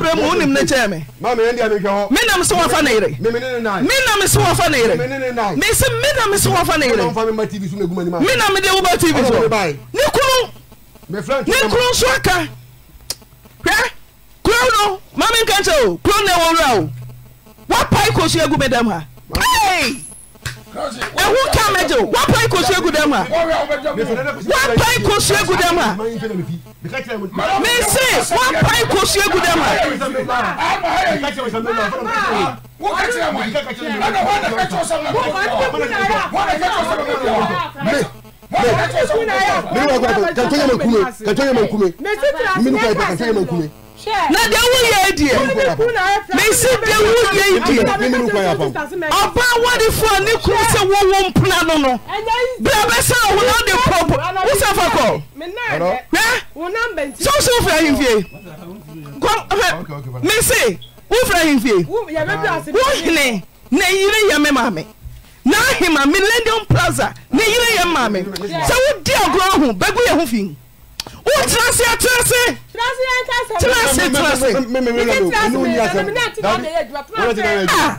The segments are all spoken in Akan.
berɛ mu wonim ne kyɛɛ me menam so wafa ne yere menam so wafa ne yere mese menam so wafa ne yere menam deɛ woba tv so ne kunu ne kunu nso aka hwɛ kuro no ma menka kyɛ o kuro ne wɔwura o wapae kɔsu agu me dam ha ewu kamẹjọ wọn pa ikosi egu dẹ mu a wọn pa ikosi egu dẹ a mesi wọn pa ikosi egu dẹ a. Mɛ mɛ mɛ mɛ mɛ mɛ mɛ na deɛ woyɛ deɛ mesi deɛ woyɛ deɛ ɔba wadefoɔ ne kum sɛ wɔwɔ mpena no no berɛ bɛsɛ wo na wode kɔ wosa fa kɔ sɛ wo sɛ wofra ahemfie mese wofra ahemfie wohene na yere yɛ me maame na ahema millennium plaza ne yere yɛ maame sɛ wodi agorɔ ho bɛgu yɛ ho fii o taa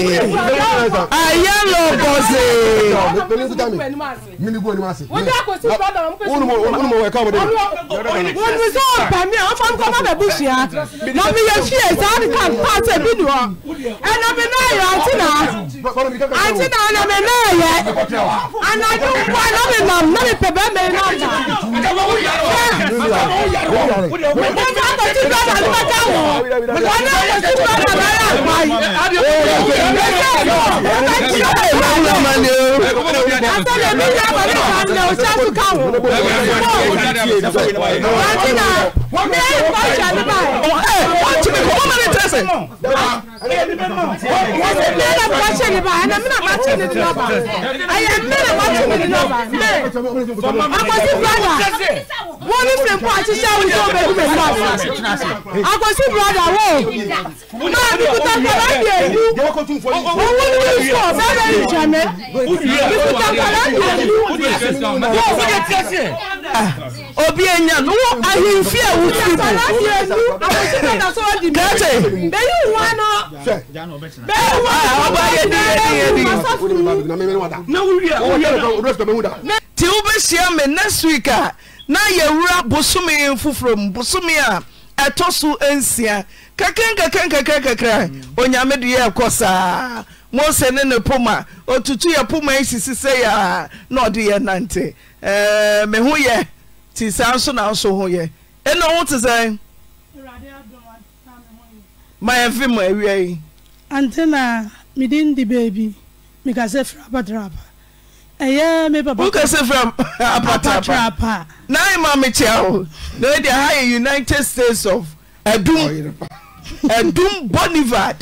ayé ló bọ̀ sí. mílíọ̀nù ni màá sè. wọ́n ní àkóso brọ́dọ̀ wọn. wọ́n ní mo wọ ẹ̀ka ọmọdé. wọ́n ní sọ ọ̀pẹ̀ mi àwọn fọ́nkọ́ má bẹ̀ bú sí a. na mi yẹ fi èsì àdìkà pàṣẹ bí nù ọ. ẹnà náà yẹ àti nà. àti nà ẹnà náà yẹ. ànàdú wà lómi nàm lómi pẹ̀pẹ́ mi náà nà. mo Asẹ́lẹ̀ mi ní àbálẹ̀ ìbànújẹ́ òṣèlú káwọn wọ́n ti mi kọ́ wọ́n mẹ́rin tẹ̀sẹ̀. mẹ́rin bọ́ ṣe ní bá ẹ̀nà mẹ́rin bá ṣe ní ní lọ́ba ẹ̀yẹ mẹ́rin bá ṣe ní ní lọ́ba mẹ́rin akwasi broda wọ́n ní sèǹkú àṣìṣe àwùjọ òbẹ̀kú bẹ̀rù lọ́ba akwasi broda wò máa bí kúta kọlá di èlú owó ní ìṣọ̀ bẹ́ẹ̀ ní ìjẹ̀mẹ́ bí kúta kọlá di èlú wò. oyaahemfi woɛnti wobehia me nex week a na yɛwura bosomei foforo mu bosome a ɛtɔ so ansia kɛkenkɛkɛ kkrkɛkra onyame do yɛ ɛkɔ saa monse ne ne poma ɔtutu yɛ poma ɛhe si sɛ yia na ɔde yɛ nante me ho yɛ ti saa nso na nso ho yɛ ɛna e ɔho te sɛ ma yɛmfe mu awia yi ante na mede ndi baabi mekasɛ fra apatrapa ɛyɛ me papawokasɛ fra apatrapa na e ma mekyea wo na ɛde e ha yɛ united states of adum adum bonivad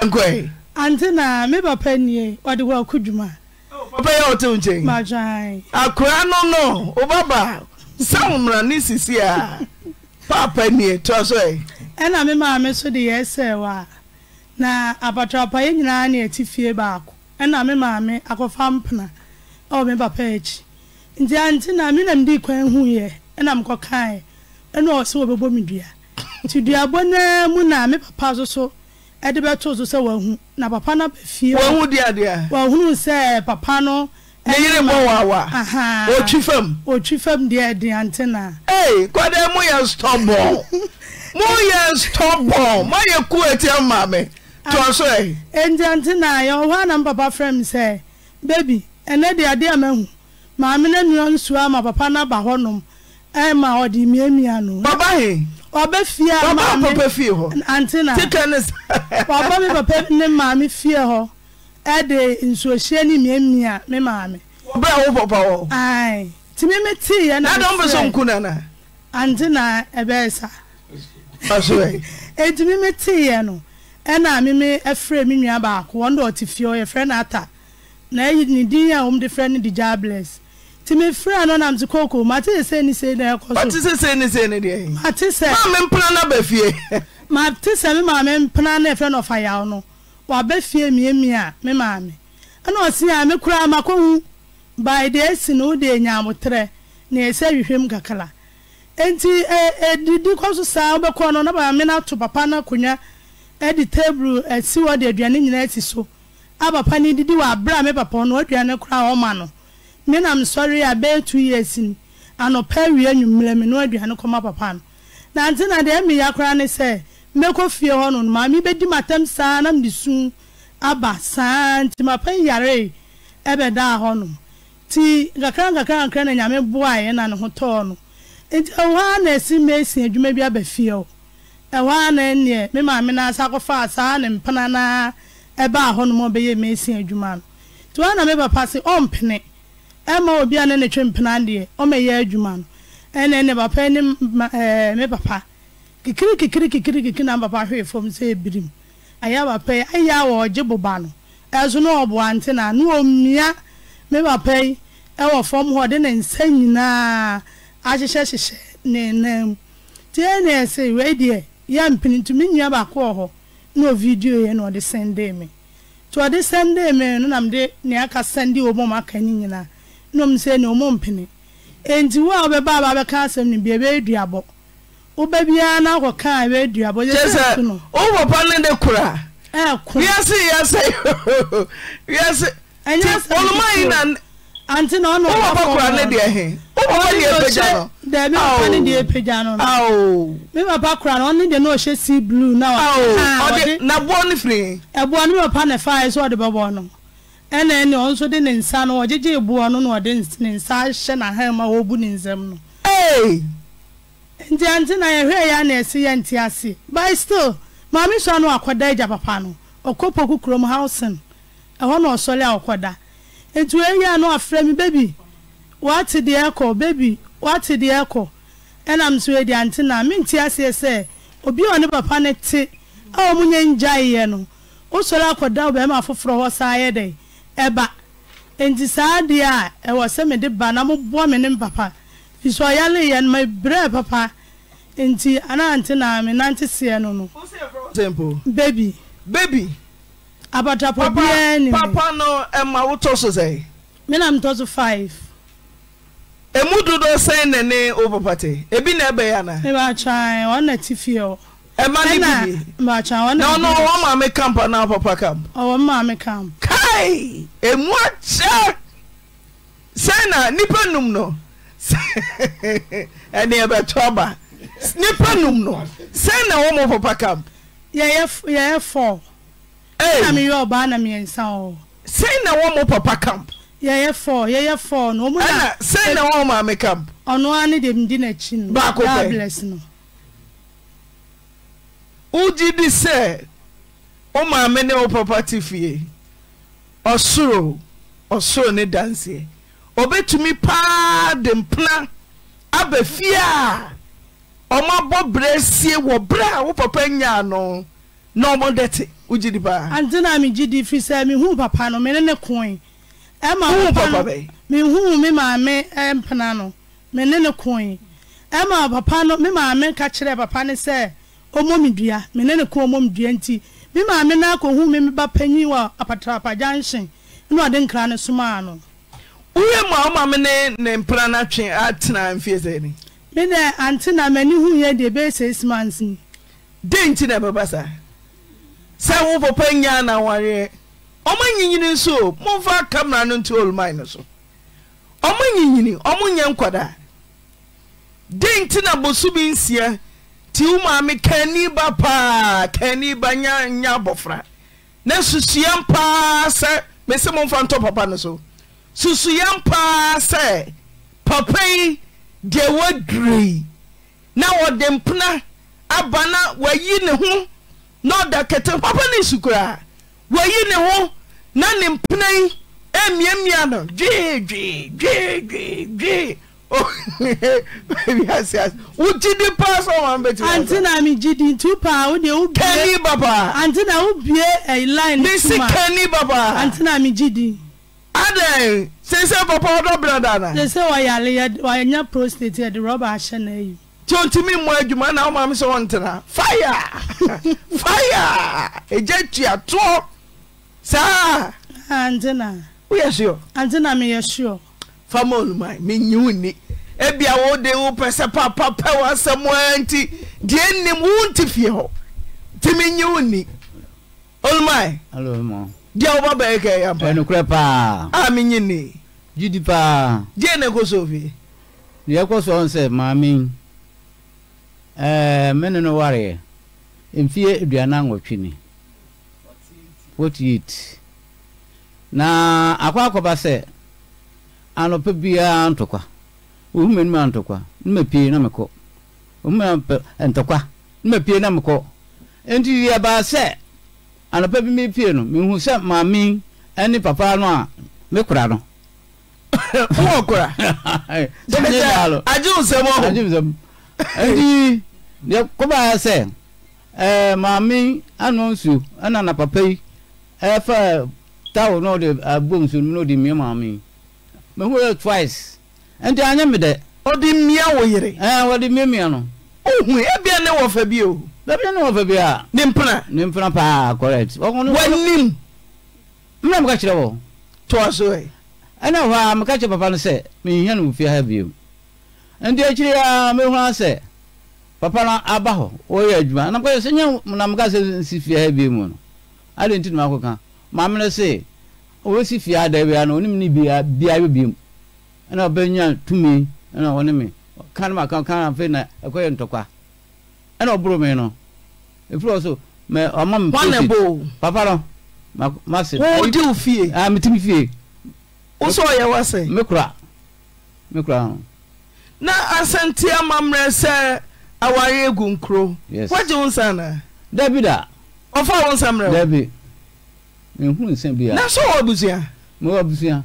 yɛnkɔe ante na me papa nie ɔde wɔ ako dwuma wobɛyɛ wotewo nkyɛn akora no no wobaba sawo mmara ne sisi a paapa nnie toa so ɛ e. ɛna me maa me so de yɛ sɛ wa. na abatrapa yɛ nyinaa ne ati fie baako ɛna me maame me akɔfa mpena ɛwɔ me papa akyi nti ante na me nam dii kwan hu yɛ ɛna mekɔkaeɛ ɛna ɔwɔ sɛ wɔbɛbɔ me dua nti dua duabɔ naa mu na me papa so ɛde bɛtoo so sɛ wahu na papa no bafie wahunu sɛ papa no ɔtwi fam deɛ aduante nakɔdɛ moyɛ stɔbɔn moyɛ stɔbɔn moayɛ ku atiɛ ma me toɔso ah. ɛntiante na yɛwɔ hɔ anam papa frɛ me sɛ bebi ɛnɛ de adeɛ a mahu maame no nua nsua ma papa no aba hɔ nom ma ɔde mmiamia no b mppne maame fie hɔ ɛde nsuahyia ne miamia me maa me ntimimeteeɛnantna bɛɛsa ntimi me teeɛ no ɛna me me frɛ me nua baako wɔn de ɔte fie ɔ yɛfrɛ ne ata na ɛyi nedin a wom de frɛ ne degyabless timefiri no namte koko mate sɛ sɛni sɛi ɛkɔ mate sɛ me maa mempena na ɛfrɛ no ɔfa yaw no waba fie e miemi a me maa me ɛna ɔsea a me koraa makɔhu bae deɛ asi no wode nyaamoterɛ ne ɛsɛ e hwehwɛm kakra enti ɛdidi e, kɔ so saa wobɛkɔ no na baa me no papa no akonnwa de table asi wɔ aduane nyinaa asi so a papa no didi wɔ aberɛ a me papa no aduane koraa ɔma no menam sɔre a bɛyɛ two years ni anɔpa awie anwummerɛ me no aduane kɔma papa no na nti na deɛ meyɛ koraa ne sɛ mɛkɔ fie hɔ no nomaa mebɛdi matam saa na mede aba saa nti mapa yaree ɛbɛdaa hɔ nom nti nkakra nkakra nkra na nyame boaeɛ na ne ho tɔɔ no nti ɛwɔ a na ɛsi mesi adwuma bi aba fie hɔ ɛhɔ a na ɛneɛ me maame no asa akɔfaa na ne mpena naa ɛbaa hɔ nom ɔbɛyɛ mesi adwuma no nti hɔ a na me papa se ɔmpene ɛma obi a ne ne twe mpena deɛ adwuma no ne papa ne eh, me papa kikiri kikiri kikiri kikiri na papa hwee fam sɛ ebirim ayɛ papa yi ayɛ a wɔgye boba no ɛso na ɔboa nte na na me papa yi ɛwɔ fam hɔ de nyinaa ahyehyɛ hyehyɛ ne nan mu tie na ɛsɛ wei deɛ yɛ mpini ntumi nua baako wɔ na yɛ na ɔde sɛn dee mi to ɔde sɛn dee mi no nam de nea aka sɛn e aka ne nom sɛ ne ɔmo mpene enti wo a wobɛba aba bɛka asɛm no bia bɛɛduabɔ wobɛ biara na akɔkaa bɛɛduabɔ yɛsɛ no wo papa ne de kora wiase yɛsɛ wiase ɔnoma yi na anti na ɔno wopapa kora ne deɛ he wo papa deɛ pagya no daabi papa ne deɛ pagya no no me papa kora no ɔne deɛ na ɔhyɛ sea blue na ɔde na e, boɔ no firi ɛboɔ no me papa ne fae sɛ ɔde bɛbɔ no ɛna ɛne ɔno nso de nsa no ɔgyegye ebu ɔno na ɔde ne nsa ahyɛ n'ahan ne nsam no. Ntị na yɛhwɛ yɛ na ɛsi yɛ nte ase by still maame agya papa no kurom ɛhɔ na ɔsɔre a ɔkɔda baby wate deɛ ɛkɔ baby wate deɛ ɛkɔ so ntị na mente ya sɛ obi a ɔne papa no te a wɔn nyɛ ngyaeɛ no wosɔre akɔda ɔbɛrima afoforɔ hɔ saa yɛ dɛ. ɛba nti saa deɛ a ɛwɔ sɛ mede ba na moboa me ne m papa fiso ɔyaleyɛ no mabrɛɛ papa nti anaante na me nante seɛ no no bebi bebi abatapa biaa nim papa no ɛma wotɔ so sɛ me na metɔ so 5 ɛmu dodoɔ sɛn na ne wo papa te ebi na ɛbɛyɛ ana mebaakyan ɔna ti fie hɔ ɛma ne bibi na ɔno ɔwɔ maame camp anaa papa camp ɔwɔ maame camp emu akyɛ sɛn na nnipa num no ɛne ɛbɛto aba nnipa num no sɛn na wɔmɔ papa camp yɛyɛ fɔ na meyɛ ɔbaa oh. na miɛnsa ɔ sɛn na wɔmɔ papa camp yɛyɛ fɔ yɛyɛ fɔ no ɔmu na sɛn na wɔmɔ maame camp ɔno ne dem di n'akyi no baako pɛ bless no wogye di sɛ wo maame ne papa fie ɔsoro ɔsoro ne danseɛ ɔbɛtumi paa de mpena aba fie a ɔmabɔ berɛ sie wɔ berɛ a wo papa nyaa no na ɔmɔdɛ te wogye di ante na megye di firi sɛ mehu papa no mene ne koe ɛma maame eh, mpena no ne koe ɛma papa no maame ka papa sɛ ne nti me maame no akɔhu me meba panyin wɔ apatrapa gyanhyen ne ɔde nkra no somaa no woyɛ mu a woma me ne ne mpra no atwe atena mfie sɛ ni me dɛ ante na m'ani hu yɛ deɛ ɛbɛyɛ six months ni dɛn nti na ɛbɛba saa sɛ wo papa nyaa na wareɛ ɔma nyinyini nso momfa kamara no nto olumai no so ɔma nyinyini ɔmo nyɛ nkɔdaa dɛn nti na bosu bi nsia ti womame kani ba paa kaniba ynya bɔfra ne susua m paa sɛ mɛsɛmɔ mfra ntɔ papa no so susuya m paa sɛ papa yi deɛ woaduroi na wɔde mpena aba na wayi ne ho na ɔda kɛte papa ne sukoraa wayi ne ho na ne mpena yi ammiammia no dweewewedwee ebi ase ase wo gidi paa sọ wọn bẹ ti wọn. àǹtí na mi gidi ntu paa o de o bie. kẹ́ni bàbá. àǹtí na o bie ẹ̀yìn eh, line ní tuma. bísí kẹ́ni bàbá. àǹtí na mi gidi. adan sese papa ọdọ brada na. sese wàyàlẹ wàyànyà prostate yẹ de rọba ahyẹ na eyi. tí o ti mi mọ adwuma na ọmọ mi sọ wọn tẹ̀ra fire fire ẹ̀jẹ̀ tuya tó sáà. àǹtí na. wúyẹ̀ sùọ́. àǹtí na mi yẹ sùọ́. famu olùmọ̀ mi nyiwù ni ebi a wode wopɛ sɛ papapɛ w'asɛm a nti deɛ nnim wonte fie hɔ timi nye wo ni olumae deɛ woba bɛyɛ kɛ yɛmpaɛnokorɛ paa a menye ni gyidi paa deɛ na ɛkɔ so fie deɛ ɛkɔ so sɛ maame ɛɛ me ne no wareɛ mfie aduane anwɔtwe ni forty na akɔ akɔba sɛ anɔpɛ biara ntokwa ohumɛ numa ntɔkwa numa pie na mɛkɔ ohumɛ ntɔkwa numa na nti pie no sɛ maame papa no a mekura no. kura nti kɔba sɛ ɛɛ maame na papa yi ɛfɛ eh, tawo n'o mie maame mehu yɛ twice. nti anyɛ me dɛ ɔde mmia wo yere mmea mmea no ohu ebia ne wɔfa bi o baabi ne wɔfa bi a ne mpena ne mpena paa correct kyerɛ wɔ ɛna a meka kyerɛ papa no sɛ menhia no mfie ha bio nti akyiri a mehuna sɛ papa no aba hɔ ɔyɛ adwuma sɛ na sɛ nsi ha mu ɛna ɔbɛnya tumi ɛna ɔne me kan ma kan kan afei na ɛkɔyɛ ntɔkwa ɛna ɔboro me no efiri wɔ so mɛ ɔma mi pese papa no ma ma se. wo di o fie. aa mi ti mi fie. o sɔ yɛ wa sɛ. mi kura mi kura no. na asante amammerɛ sɛ awari egu nkuro. yes wagye wo nsa na. dabi da. ɔfa wo nsa mmerɛ. dabi ehun nsa bi ya. na so wɔ abusua. mo wɔ abusua.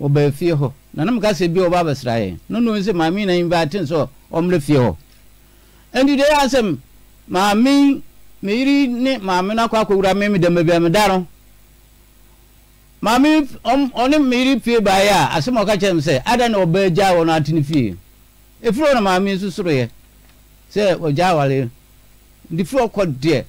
ɔbaa fie hɔ nanam kasa bi ɔba abɛsra yɛ nono sɛ maame na invite nso ɔmmerɛ fie hɔ ɛnti deɛ asɛm maame meyiri ne maame no akɔ akɔwura me meda mabia meda no maame ɔne meyiri fie baeɛ a asɛm ɔka kyerɛ m sɛ ada na ɔbaa gyaa wɔ no atene fie ɛfiri ɔ na maame nso soroyɛ sɛ ɔgyaa ware nti firi ɔkɔ deɛ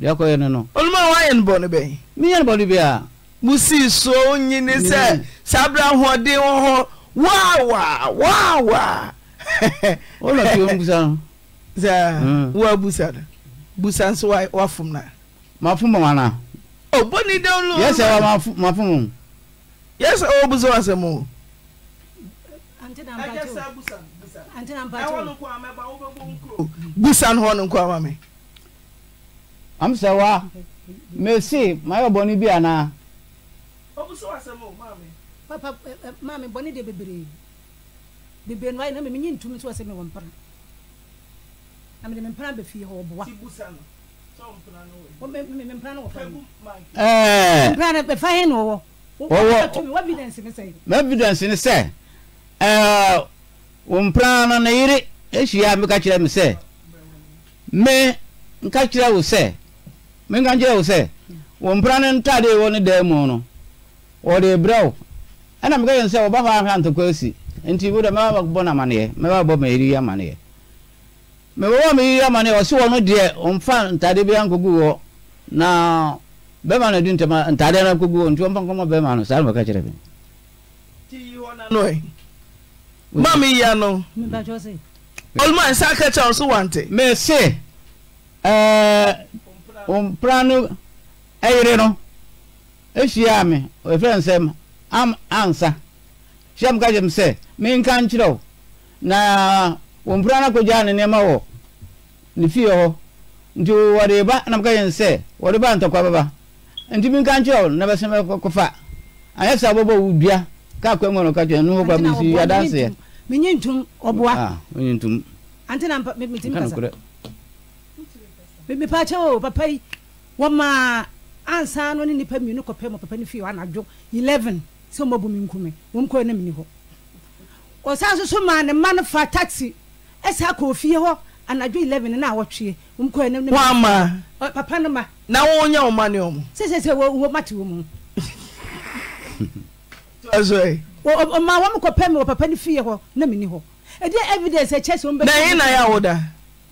deɛ ɔkɔyɛ no no ɔnoma wayɛ no bɔne bɛn meyɛ no bɔne bia musi so nyini sɛ sabra ahoɔden wo ho waawa waawa sɛ woabusa no busa nso wafom no mafom ana obɔni dawlo yɛsɛ mafom yɛsɛ wɔbusa wasɛm o busa no hɔ no nkɔ ama me amsɛ wa mesi mayɛ bɔne bi ana ɔbusu asɛm o papa ɛ ɛ maame bɔ ne de bebree bebree no ayɛ na mɛmi nye eh, ntum nso asɛm wɔ mpara na mɛde mɛmpara bɛ fie hɔ ɔboa. ti busa no sɔ mpara no wɔ. mɛ mɛmpara no wɔ fa wɔwɔ wɔ evidence ni sɛ. mɛ evidence ni sɛ ɛɛ mpara no ne yere ehyia mi ka kyerɛ mi sɛ mɛ nka kyerɛ wo sɛ mɛ nka kyerɛ wo sɛ wɔn mpara no ntaade wɔ ne dan mu no wɔde brɛ wo ɛna meka yɛn sɛ wɔba hɔ ahwɛ antokwa asi nti wodɛ mɛbabɔ no amaneɛ mɛbabɔ mayiri amaneɛ mɛbɔbɔ mayiri amaneɛ ɔse wɔ no deɛ ɔmfa ntade biara nkɔgu wɔ na bɛma no adu ntade no akɔgu wɔ nti ɔmfa nkɔma bɛma no saa na mɛka kyerɛ me mami yi ano ɔlùmọ̀ nsá kẹ́kẹ́ ọ̀sùn wante. ntẹ̀. mèsì ẹ̀ẹ́ òmpra no ehyia me efrɛ nsɛm am ansa hyɛm ka kyɛm sɛ menka nkyerɛ na wɔmpura no akɔgyaa ne nneɛma wɔ ne fie hɔ nti wɔde ba nam ka kyɛm sɛ wɔde ba ntɔkwa baba nti menka nkyerɛ wo na bɛsɛ bɛkɔfa anyɛ sɛ wobɔbɔ wo dua ka akwa mu no ka kyerɛ no hɔ kwa mesi adanseɛ menye ntom ɔboa menye ntum ante na metimi kasa mepaakyɛ o papa yi wɔmaa ansa no ne nipa mmienu kɔpɛ mu papa no fie anadwo eleven sɛ ɔmabu me nkume wɔm kɔɛ no mni hɔ ɔsan so so maa ne ma no fa taxi ɛsɛ akɔ ofie hɔ anadwo eleven na awɔtwe wɔm kɔɛ no wama papa no ma na wɔnya wo ma ne ɔmo sɛsɛsɛ wɔ mate wɔ mu ɔma wɔm kɔpɛ me wɔ papa no fie hɔ na menni hɔ ɛdeɛ evidence ɛkyɛ sɛ wɔm bɛ na ɛyɛ na yɛ awoda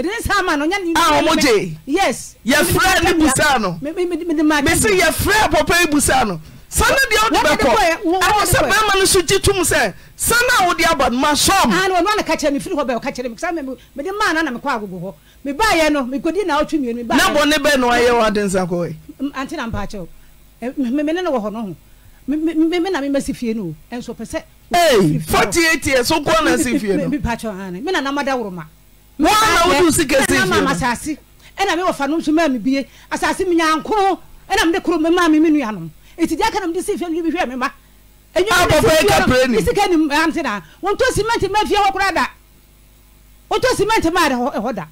a womɔgye yɛfrɛa ne busaa no meso yɛfrɛ a pɔpa i busaa no sa ne deɛ wodɔ bɛkɔwɔ sɛ mɛrima no so gye to m sɛ sa ne a wode aba noma sɔmna bɔne bɛno ayɛw adensa k8ɛ so kɔ nose fie o wọn na wotu si kese yi ɛna ma asase ɛna mi wɔ fa no nso maa mi bie asase mi nyaa nkoro ɛna mi de koro maa mi mi nua nom eti di mi de si fia mi bi mi ma enyo mi de si fia mi mi sika ni mu na wɔn to simenti mɛ fia wɔ kora da wɔn to simenti maa ɛhɔ da.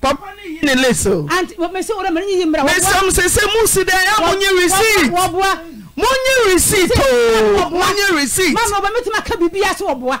papa ni yi ni leso. anti mesi wɔrɔ mɛ ni yi mura. mesam sese mu si dɛ ya mu nye receipt. wɔ bua. mu nye receipt ooo mu nye receipt. maa mi bɛ mi ti ma ka bibi ase wɔ bua.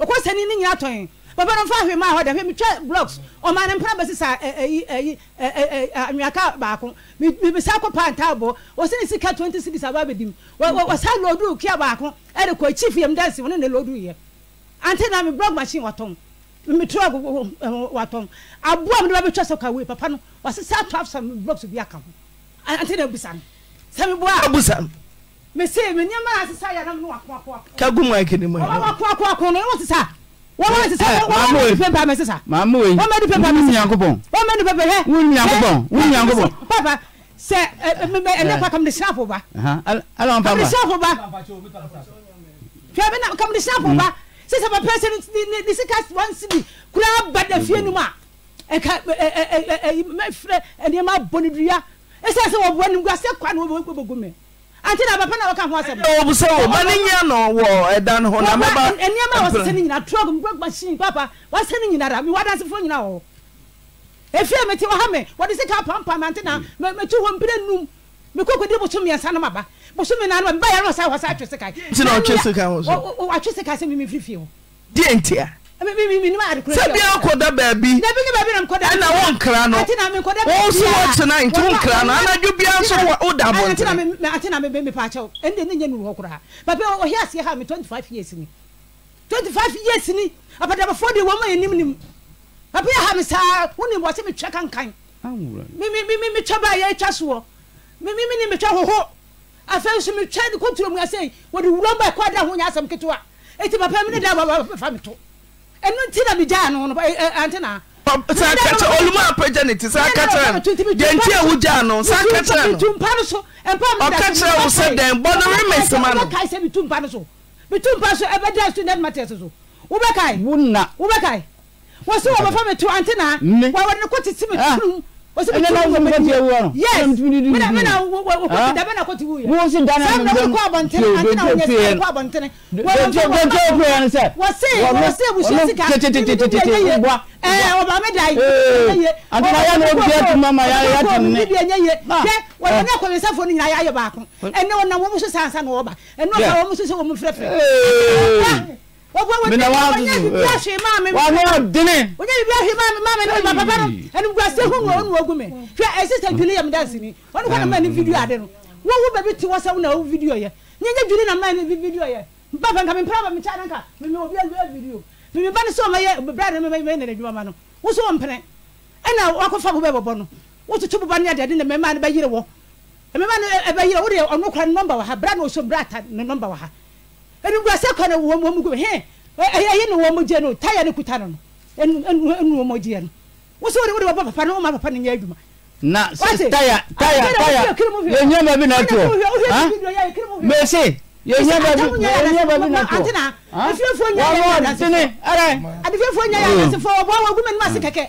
okɔ sani ne nyina tɔn papa no nfa ahwe mu a hɔ dɛ hwɛ metwa blocks ɔmaa ne mpena bɛsi sa ɛyi e, ɛyi e, ɛyi e, anwaka baako mi mi sa kɔ pantaa bɔ wɔsi ne sika twenty six aba bɛ dim wɔ wɔ wɔsa lɔɔdu kia baako ɛde kɔ ekyi fiem dansi wɔne ne lɔɔdu yɛ ante na mi blog machine wɔtɔn mi truck wɔtɔn aboa mi de ba bɛ twa so kawe papa no wɔsi sa twelve some blocks bi aka ho ante na ebusa no sɛ mi bɔ a. ebusa no mese me nneɛma a sisa yɛ nam ne wakoakoako kagu mu akini mu wakoakoako no ɛwɔ sisa wɔwɔ sisa wɔwɔ di pepa mɛ sisa maamu wei wɔmɛ di pepa mɛ sisa wɔmɛ di pepa hɛ wuli nyankopɔn wuli nyankopɔn papa sɛ ɛmɛ ɛnɛ kwa kamdi sinafo ba ala wɔn papa kamdi ba fia bi na kamdi sinafo ba sisan papa sɛ ni ni sika si bi kura ba da fie nu ma ɛka ɛ ɛ ɛ ɛ mɛ filɛ ɛnìyɛn ma bɔ ni duya ɛsɛ sɛ wɔ ni gu ase kwa ni wɔ bɔ gome anti na papa na wɔka ho asɛm. ɛwɔ bu sɛ wo ma ne nyɛ no wɔ ɛda no ho na mɛba. nneɛma a wɔsɛ ne nyinaa trɔg mu gbagba sin papa wɔsɛ ne nyinaa da mi wadansi fo nyinaa wɔ efi a meti ɔha mi wɔde sika pampam anti na meti hɔ mpire num mi koko di bosom mmiɛnsa no ma ba bosom nan ma ba yɛrɛ wɔ sa wɔ sa atwe sika. ti na ɔtwe sika wɔ so. ɔtwe sika sɛ mi mi firifiri o. diɛ ntia. Eh, sɛ bia nkɔda baabi ɛna wo nkra no wo so wɔtena nti wo nkra no anadwo bia nso woda twenty five years ni apadabafoɔ de wɔma yɛnim nim papa yɛ ha mi saa wonim wɔ mi metwa kankan metwa ba yɛatwa soɔ mi metwa hoho afei nso metwa de kɔturo mu asɛi wɔde wurɔ ba ɛkɔ da ho nyɛ asɛm ketewa ɛti papa mene da fa meto ɛnu ti na mi gya ano no ɛnti na. sɛ akakyɛ olumɔ apagya ne ti sɛ akakyɛ no yɛnti ewu gya ano sɛ akakyɛ no ɔkakyɛ wo sɛ dɛn bɔ no rema sima no. ɔbɛka sɛ mitu mpa no so mitu mpa so ɛbɛda student matters so wobɛkae wona wobɛkae wɔsi wɔ bɛfa mi tu anti na wɔwɔ ne ko ti si mi tunu ɛnɛ na wɔn bɛ tiɛ wɔrɔ yes mena mena wɔkɔ da mena kɔ ti wu yɛ wusu dana sɛm na kɔ abɔntene antina wɔn yɛ sɛ kɔ abɔntene wɔn bɛ wɔn bɛ wɔn sɛ wɔn se wɔn se busu sika tete yɛ bɔ ɛɛ ɔba mi da yi yɛ antina yɛ n'o bɛɛ tuma ma yɛ yɛ tɛmɛ ne yɛ yɛ yɛ wɔn ne kɔmi sɛ fo ni nyina yɛ ayɛ baako ɛnɛ wɔn na wɔn muso sansan na wɔba ɛnɛ wɔn na wɔn muso sɛ wɔn mu fɛrɛfɛrɛ wọ́pọ̀ wọ́n jẹ́ wọ́n yẹ bíbí àṣẹ máa mi. wà á náà dínnì. wọ́n yẹ bíbí àṣẹ máa mi máa mi ní ọgbà bàbá náà ẹni gbà sẹ́kùn wọn ò gún mi fẹ́ ẹ sísè jùlẹ̀ yẹn mi dá sí ni wọ́n ní kọ́ nàmá ní fídíò adé nu wọ́n wú bẹ̀bí tí wọ́n sẹ́wọ́n náà wú fídíò yẹ ní ẹ̀jẹ̀ jùlẹ̀ nàmá ní fídíò yẹ bá fẹ́ nǹkan mi pẹ́ bá mi kí àdánkà mi wọ́n wọ́n wọ́ enuguase kwan wɔn wɔn mu gu hɛn ɛyɛ ne wɔn gyeɛ no taya ne kuta no no ɛnu ɛnu ɛnu wɔn gyeɛ no wosi wɔde wɔde wɔba papa no wɔn ma papa no nyɛ adwuma. na taya taya taya yɛ nyɛma bi na to mese yɛ nyɛma bi yɛ nyɛma bi na to wɔn wɔn tini ɛrɛ adifiɛfoɔ nyɛ yɛ anasefo wɔbɔ wɔn gu mɛ numu ase kɛkɛ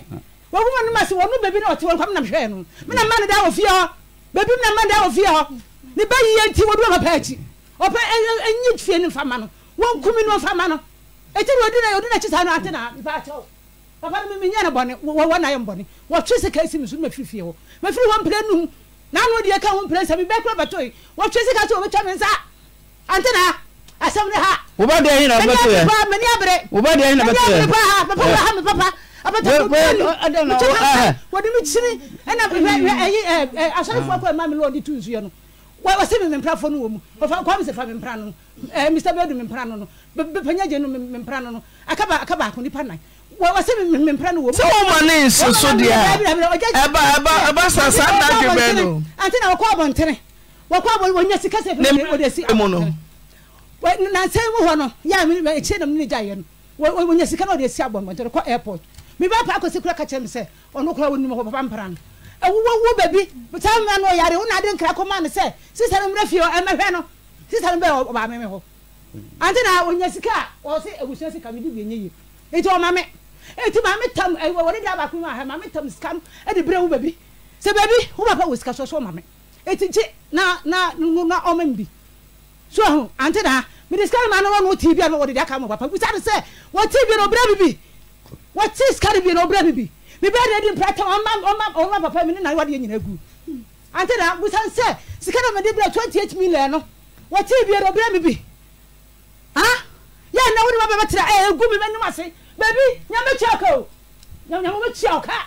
wɔn gu mɛ numu ase wɔn nu beebi na ɔte wɔn kɔm na hwɛ no mɛ na mma ne da wɔ fie hɔ beebi na mma ne da wɔ fie hɔ ne ba yi yɛ nti wɔdu wɔn pɛ akyi ɔpɛ ɛnyɛ eh, eh, eh, fie ne nfama no wɔn kumi ne nfama no eti na odi na odi na kyesa no ate na o papa no mi nyɛ ne bɔne wɔ wɔn ayɛ mbɔne wɔtwe sika esi mi so na mafiri fie hɔ mafiri hɔ mpire num n'ano deɛ ka ho mpire nsɛm bɛɛ kura bɛtɔ yi wɔtwe sika so wɔbɛtwa mi nsa ante na asɛm ne ha. woba deɛ yi na bɛtɔ yɛ mɛni o woba deɛ yi na bɛtɔ yɛ mɛni abere pa ha papa wɔ ha mi papa abata ko kiri wɔde mi kyiri ɛna ɛyi asɔrifo akɔ ɛma mi lɛ ɔde tu nsuo no wasi mi mimprafo no wɔmu kwame sɛ fa mempra no no mr bedu mempra no no panya gye no mempra no no akaba akaba ako nipa nan wasi mi mempra no wɔmu sɛ wɔma ne nsi so deɛ ɛba sa saa da adwebɛ no ante na wɔkɔ abɔntene wɔkɔ abɔ wɔnya sika sɛ fɛde si mu no nansɛn mu hɔ no yɛ a ɛkyire nam ne gyaeɛ no wɔnya sika na wɔde si abɔntene kɔ airport mebɛ pa akɔsi kora ka kyerɛ me sɛ ɔno kora wɔnim hɔ papa mpra no ewuwawu baabi saa mmaa no ɔyare wɔn adi nkira kɔma ne sɛ sisa no mmerɛ fie ɛmɛhwɛ no sisa no bɛyɛ ɔbaa mɛmɛ hɔ ante na onya sika a ɔsɛ ebusua sika mi bi bi enye yie eti ɔma mi eti maame tam ɛwɔ wɔde da baako mu ahɛ maame tam sika no ɛde brɛ wo baabi sɛ baabi wo papa wɔ sika sɔsɔ maame eti gye na na na ɔma mi bi so ɛho ante na mede sika no ma no wɔn ti bi a no wɔde da ka mo papa busa de sɛ wɔti bi na ɔbrɛ bibi wɔti sika no bi na ɔbrɛ bibi mi bɛɛ de di mpɛtɛ ɔma ɔma ɔma papa mi ne na wadi yɛ nyina gu ante na busan sɛ sika na ma de bila twenty eight million no wɔte bi yɛrɛ ɔbɛrɛ mi bi ha yɛ na wuli ma bɛ bɛ tira ɛɛ eh, egu mi bɛ nimu ase bɛbi nyame kyɛ ɔka o nyame bɛ kyɛ ɔka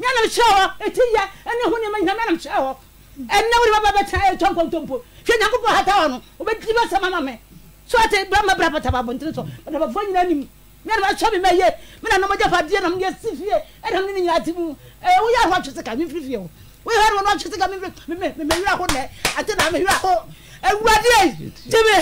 nyame bɛ kyɛ ɔ eti yɛ ɛne ho nneɛma nyame nam kyɛ ɔ ɛna wuli ma bɛ bɛ tira ɛɛ eh, tɔmpɔntɔmpo hwɛ nyankopɔ hata wɔ no ɔbɛ diri bɛ sɛ mama mɛ so ate bɛ ma bɛ apata ba bɔntene so ɔdaba fo nyinaa nimu mi na ma sɔ mi ma ye mi na na ma jɛ fa diɛ na mi yɛ si fie ɛna e mi ni nyina ti mu ɛɛ wo yɛ hɔ atwese ka mi firi fie o wo yɛ hɔ atwese ka mi firi mi mi mi mi wura ko nɛ ati na mi wura ko ewurade jimi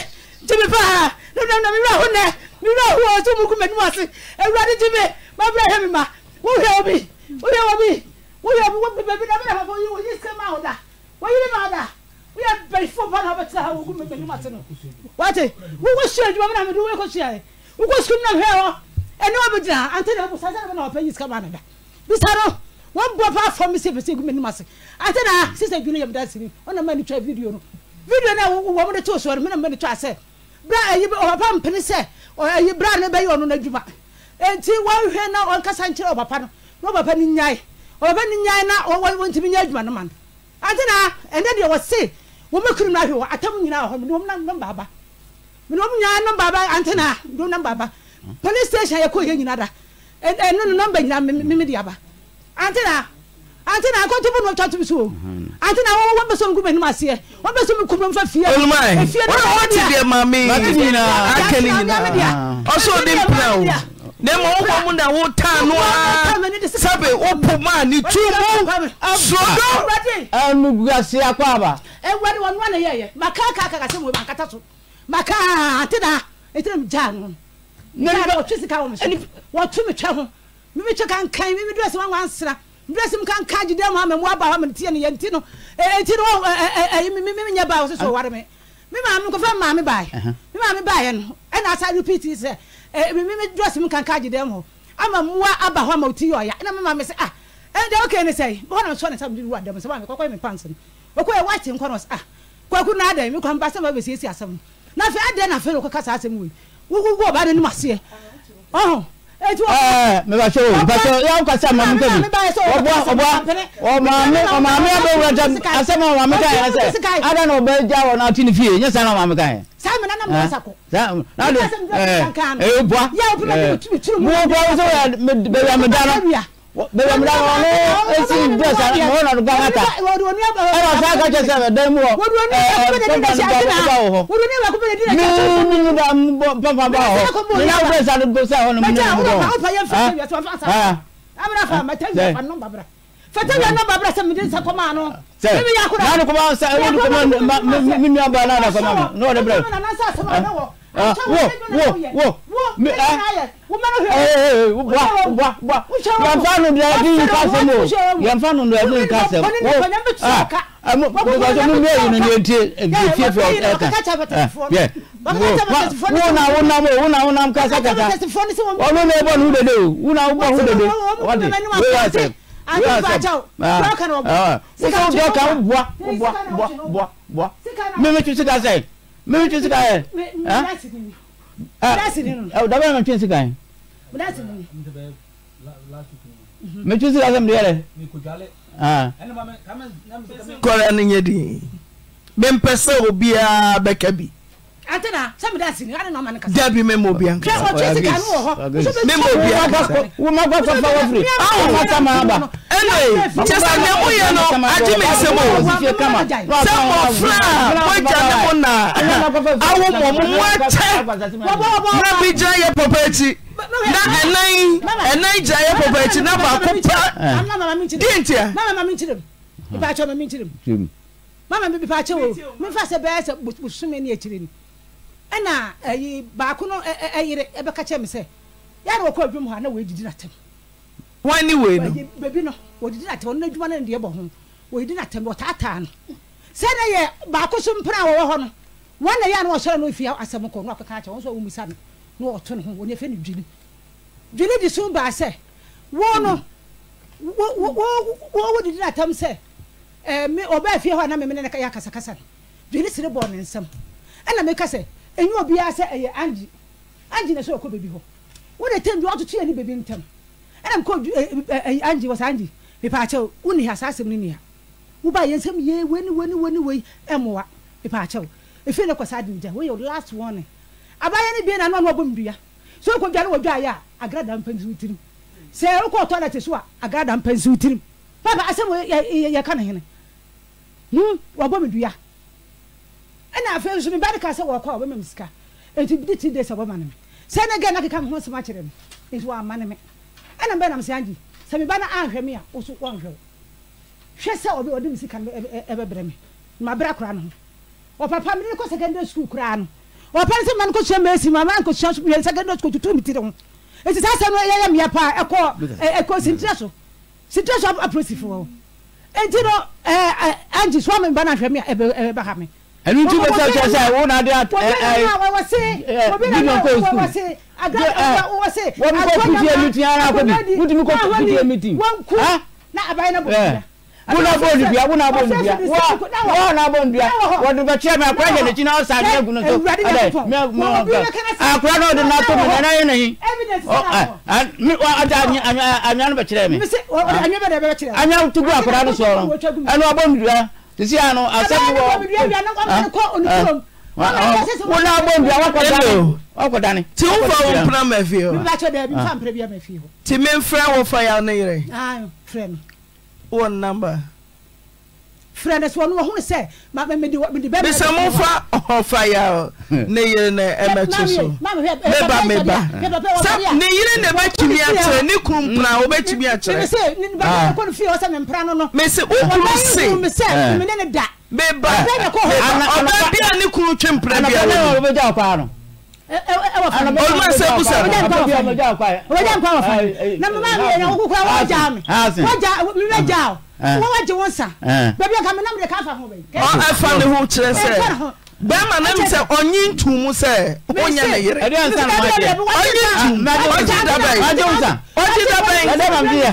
jimi paa na na na mi wura ko nɛ mi wura ko o ti mu kun mɛ numu ase ewurade jimi ma bila yɛ mi ma wo yɛ obi wo yɛ obi wo yɛ obi wo bi bɛbi na mi fɔ ko yi se ma o da wo yi ma o da wo yɛ bɛyi fo ba o bɛ ti sa ha wo kun mɛ numu ase no waati wo si wokɔ sukuu na hwɛ hɔ ɛne wɔ bɛgyina ha ante na ɛbɔ sasa na bɛ na ɔpɛ yi sika ma anada bisa no wɔn bɔ pa afɔ mi se fɛsɛ egu mi anim ase ante na sisan ju ne yam da sini ɔna mɛ ni twa video no video na wɔn de to so ɔno mɛ na mɛ ni twa asɛ bra ɛyi ɔpapa mpini sɛ ɛyi bra ne bɛyi ɔno n'adwuma eti wɔn hwɛ na wɔn kasa nkyerɛ ɔpapa no na ɔpapa ni nyae ɔpapa ni nyae na wɔn wɔn ntumi nya adwuma no ma no ante na ɛnɛ deɛ wɔse wɔn mɛ kuru na ahwɛ wɔ atam nyinaa wɔ hɔ no wɔn nam baba binom nyinaa nɔmba ba antena do nɔmba ba police station yɛ kɔ yɛ nyina da ɛnu e, e, no nɔmba nyina mimi de aba antena antena akɔntu bu n'otwa tum so antena wɔn wɔn bɛ sɔn nkuma anim aseɛ wɔn bɛ sɔn nfa fie olumma yɛ wɔn a wɔn ti deɛ maame nyinaa akɛli nyinaa ɔsɔ de mpira o ne ma wo bɔ mu na wo taa noa sɛbe wo po ma ne tu mu sorodo. ɛnu guasi akɔ aba. ɛwɛ ni nua na yɛ yɛ maka kaka kasa mu ma nkata so maka ate da ɛtina mi gya no gya no ɔtwi sika wɔ mi so wɔtu mi twɛ ho mi mi twɛ kankan mi mi dura sɛ wɔn ansira mi dura sɛ mi kankan gyi dɛm ha mɛ mu aba ha mɛ tiɛ ne yɛ nti no ɛɛ e, e, ti no ɛɛ e, ɛɛ mi mi mi nyɛ ba wɔsoso ɔware mi mi maa mi nkɔfɛ maa mi baa yɛ mi maa mi baa yɛ no ɛna asa repeat sɛ ɛɛ mi mi dura sɛ mi kankan gyi dɛm hɔ ama mua aba hɔ ama oti yɛ ɔya ɛna mi maa mi sɛ ah ɛnde oke ne sɛ bɔn na sɔ ne sɛ mi wura dɛm sɛ maa mi kɔkɔ mi pants no okɔ yɛ waati nkɔ na ɔsɛ ah kɔkɔ na adɛ mi kɔ n ba sɛ ma bɛ siesie asɛm no n'afɛ adɛ n'afɛ de ko kasa asɛm wei wugu gu ɔba de ne ma seɛ ɔhɔn eti wɔ. ɛɛ mɛ b'a se o paseke y'aw ka se a maamu tɛ bi ɔbɔ ɔbɔ ɔmaami ɔmaami a bɛ wula jɛ asɛm a ɔmaami ka yɛ asɛ ada na o bɛ ja wɔ n'aw ni fi ye n ye san na ɔmaami ka yɛ. saa mina na mɔgɔ n'a de ɛɛ ɛɛ bua ɛɛ mu bɔ woso yɛ bɛ yɛ mi da bẹ̀rẹ̀ mi dáhùn ọ̀nà ẹ̀sìn dọ̀sà mọ̀ ọ̀nà ọ̀dùnkà mẹ́ta ẹ̀rọ ọ̀sán akájọ sẹ̀fẹ̀ dẹ́ mu wọ mímú bá mú bọ́ pápá bá wọ nígbà wọ́n sá ló sá ọ̀nà mímú nɔ sɛ mede nsɛ kɔmaa no ebi yakora nanu kɔmaa nsa ewu mi nua ba nana kɔmaa mi n'o de bɛrɛ yɛmfa no deɛ de nka sɛm o yɛmfa no deɛ de nka sɛm because mo mmea yi no ne ntie fiefie ɛka wona wonam o wona wonam kasakasa ɔno na ɛbɔ no wodede o wona wobɔ ho dede wɔde weyɛ asɛm weyɛ asɛm sika wodɛ ka woboa boa boa boa memetwe sika sɛn mímu tún sika yẹ. dabẹ nana tún sika yẹ. mɛ tún sika sɛm deɛ dɛ. kɔrɛ ni nyɛ di bɛ mpɛ sɛ obiara bɛ kɛ bi. atena sami da sini ana n'ọma ni kasa. jaabi mɛ mɔ biyan. kí ɛkọ tí sika ni wɔ hɔ. mɛ mɔ biyan kasa. wo ma gbɔ sɔfɔ wɔ firi. awo ma ta ma ba. ɛnɛ cɛsani mu yɛ no aji mi se mo. sɛ mɔ fila mo ja na awo mɔ mu mu akyɛ na bi gya yɛ papa akyi na ɛnan ɛnan gya yɛ papa akyi na baako pɛ di ntia. mama mi nkyerem mipa akyɛ mama mi nkyerem mama mi mipa akyɛ o mifa sɛ bɛyɛ sɛ busumi ni akyire ni ɛna ɛyi baako no ɛyere ɛbɛka kyɛ mi sɛ yɛrɛ wɔkɔ adwuma hɔ a na wɔadidi n'atɛm. wɔn ni wei no. beebi no wɔdidi n'atɛm ɔno n'adwuma no deɛ bɔ ho wɔdidi n'atɛm wɔtaataa no sɛne yɛ baako so mpena a wɔwɔ hɔ no wɔn na yɛ a na ɔsɔre no ofie asɛm kɔ na ɔkeka kyɛ wɔn nso a wɔmisa no na ɔto ne ho wɔn yɛfɛ no dwini dwini de so baa wɔn no wɔ wɔ wɔ na tam sɛ ɛɛ eh, mi ɔbaa fie hɔ a na mɛmɛ ne yɛ akasakasa no dwini si bɔ ne nsam ɛna mɛka sɛ enyi obiara sɛ ɛyɛ angi angi na so ɔkɔ beebi hɔ wɔn na tɛm bi ɔtoto yɛ ne beebi ntɛm ɛna mɛkɔ eh, eh, angi wɔ sɛ angi mipa akyɛw wɔn ni ha saa asɛm ni ni ha woba yɛ nsɛm yɛ wani wani wani wei ɛmoa mepa akyɛw efi ne kɔsa adi gya woyɛ last warning abayɛ ne bie na anoo abom dua so ekɔ dwa ne wɔ dwa yɛ a agrada mpansi wutirim sɛ ekɔ toilet e so a agrada mpansi wutirim papa asɛm yɛ yɛ yɛ ka ne hene hmm wabom dua ɛna afei nso mi ba de ka sɛ wɔkɔ a wɔbɛma mi sika eti bi ti de sɛ wɔma ne mi sɛ ne gɛn na mi ho sɛm akyerɛ mi eti wɔama ne mi ɛna mbɛ nam sɛ anji mi ba na ahwɛ mi a hwɛ sɛ ɔbɛ ɔde mi sika no ɛbɛbrɛ mi ma bra kora no ho ɔpapa mi ne kɔ secondary school koraa no ɔpapa ne sɛ ma ne kɔ sua mɛsi ma ma ne kɔ sua mɛ secondary school tutu mi tiri ho eti saa sɛ no ɛyɛ mia paa ɛkɔ ɛkɔ sintire so sintire so apolisifoɔ wɔ eti no ɛɛ ɛ anji so ɔmi ba na hwɛ mi ɛbɛ ɛbɛ ha mi. ɛnu ti bɛ sɛ ɔkyɛ sɛ wo na de at ɛ ɛ obi na na wɔwɔ se obi na na wɔwɔ se aga wɔwɔ se agba na ma wɔn kɔ kutu yɛ mi ti ara kɔ bi wotumi kɔ kutu yɛ mi ti. wɔn ku na abayɛ na bɔ wunabɔ ndubia wunabɔ ndubia wa wunabɔ ndubia wɔduba kyerɛ mi akora yɛ n'ekyi n'awo saa adeɛ gunu so ɛdɛ mɛ mɛ ɔkɛ akora n'o de n'ato mi nana yɛ n'ayi ɔ mi wa ɔda anya anya no bɛ kyerɛ mi anya tugu akora no sɔrɔ ɛnu ɔbɔ ndubia sisi ano asɛm wɔ wunabɔ ndubia wakɔ dani wakɔ dani. ti n fa wo mpira mɛ fi hɔ ti mi n fira wo fa ya ne yɛrɛ. One number. frɛ no so ɔno wɔhunu sɛ mesɛ momfa ɔfa ya ne yere no ɛmɛto so meba meba sɛ ne yere ne bɛtumi akyerɛ ne kunu mpena wobɛtumi akyerɛ mese wokunu se meba ɔba bia ne kunu twe mpena bia olùmọ̀ ṣe kú sẹ́nu. ọjà nkọ́ wọ̀ fún mi na mama mi yẹn na okukura wọ́n jà mi wọ́n jà mi bẹ́ jà o wọ́n wọ́n jẹ wọ́n sàn bẹ́ẹ̀ bí ọkà mi nàmúdẹ káfà hàn bẹ́ẹ̀. ọ ẹ fa ne ho kyerẹ sẹ bẹẹma nam sẹ ọnyi ntumu sẹ ọnyẹ ne yẹrẹ ọnyi ntumu ọjì dabẹ ọjì dabẹ. ọjì dabẹ.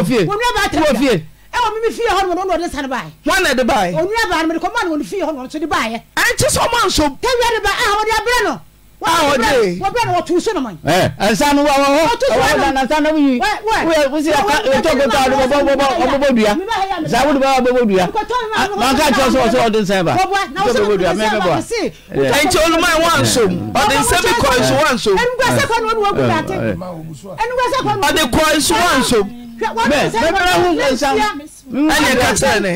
ọjì dabẹ ɛwɔ mi mi fi hɔ nom ɔno ɔde sa ne baa yɛ. wọn na de baa yɛ. onua baa nomere kɔmaa na wɔn fi hɔ nom ɔno de baa yɛ. ɛnkyɛ sɛ ɔmo anso. tewia de ba a wɔde abirɛ no. a wɔde. wɔbɛn na wɔtu so nomu. ɛ nsa no wa wɔ hɔ ɔwɔ na nsa no yi wɛ wusi ɔka eto koto a ɔbɔ bɔ ɔbɔ dua saa wudu bɛ ɔbɔ dua maa nka kyerɛ sɛ ɔsɛ ɔde nsa ba ɔsɛ ɔbɔ dua mɛ mɛ bɔ a. ɛnkyɛ olumai wa nsom ɔde nsa bi kɔ nso wa nsom. ɛnugbɛsɛ kɔ ni wɔn wɔ gu dante ɛnugbɛsɛ kɔ ni wɔn wɔ gu dante ɔde kɔ nso wa nsom bẹẹ bẹẹ bẹẹ hun fẹ nsam ẹni ẹka kyerẹ ne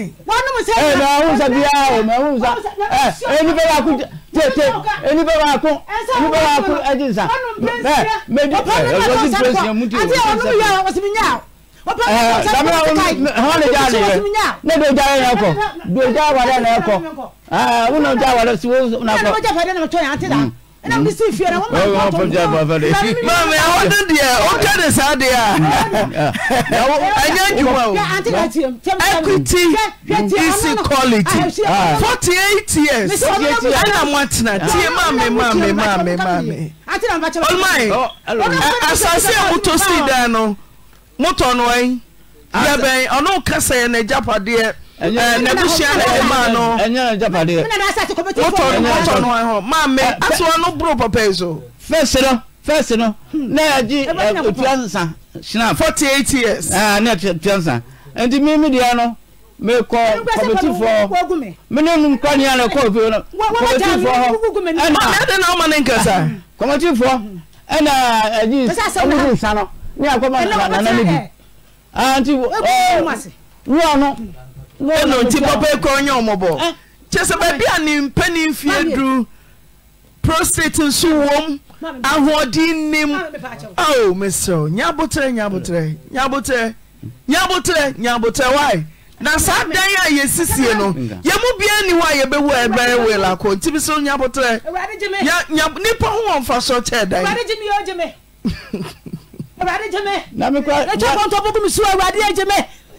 ẹ na hun sa bia o ma hun sa ẹ ẹni bẹ baako tẹ tẹ ẹni bẹ baako ẹni bẹ baako ẹdi nsa bẹẹ mẹdi ẹ ọsọ ti pẹsi ẹmu ti o ti sẹsẹ ẹ damina hàn le jaa nìyẹn ne do jaa yẹn kọ do jaa wàlẹ yẹn kọ ẹ wọn na jaa wàlẹ si wọn na kọ ɛna mi si fiyɛ na wɔn maa tɔ tɔ tɔ maami awo de deɛ o ka de sa de ya ɛnyɛ juma o equity is equality forty eight years ɛna mo atena tie maami maami maami maami olumayi asase a moto si dan no moto no ɛyin yabɛn ɔno kasa yɛ na ɛjapadeɛ n'ebusua ɛdi maa no wotɔ no wotɔ no ɛhɔ maame asoɔ no buro papa so. fɛsi no fɛsi no ne yɛ di ɛ tia nsa forty eight years. Ah, ne yɛ tia nsa nti mi mi diya no mi kɔ kɔmiti fɔ mi kɔ ni yàrá kɔ ofi wɔn kɔmiti fɔ ɛna ɛdi na ɔma ne nkasa. kɔmiti fɔ ɛna ɛdi ɔmu di nsa no ne yà kɔma nana ne bi aa nti ɔ wúwa no. nti bɔbɔ ɛkɔ ɔnyɛ ɔmɔbɔ kyɛ sɛ a ne mpɛ ne duru prostate nso wom ahoɔden nim o mesrɛ nyabotrɛ nyabotrɛ nyabotrɛ nyabotrɛ nyabotrɛ wae na saa dan a yɛsisie no yɛmu hɔ a yɛbɛwu a ɛbɛrɛ wei lako nti bi so nyabotrɛ nnipa ho wɔ so dan na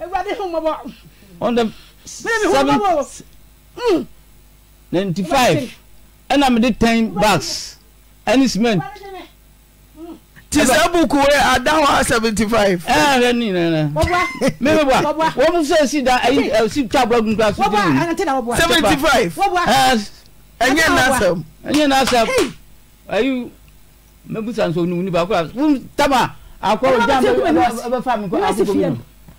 ewurade hu mɔbɔ. ninety five ɛna mi de ten bags ɛni cement. Hmm. ti sɛ buku wɛ ada hɔ a seventy five. ɛn yɛrɛ ni nana mɛmɛ bɔ a wɔn mu fɛ si da ayi ɛsi tabula gun kura sotigi seventy five ɛnyɛ n'asɛm. ɛnyɛ n'asɛm ayi mɛ busa nsɔn numu ni baako la tama akɔrɔ jaa bɛ fa mi kɔ a bɛ ko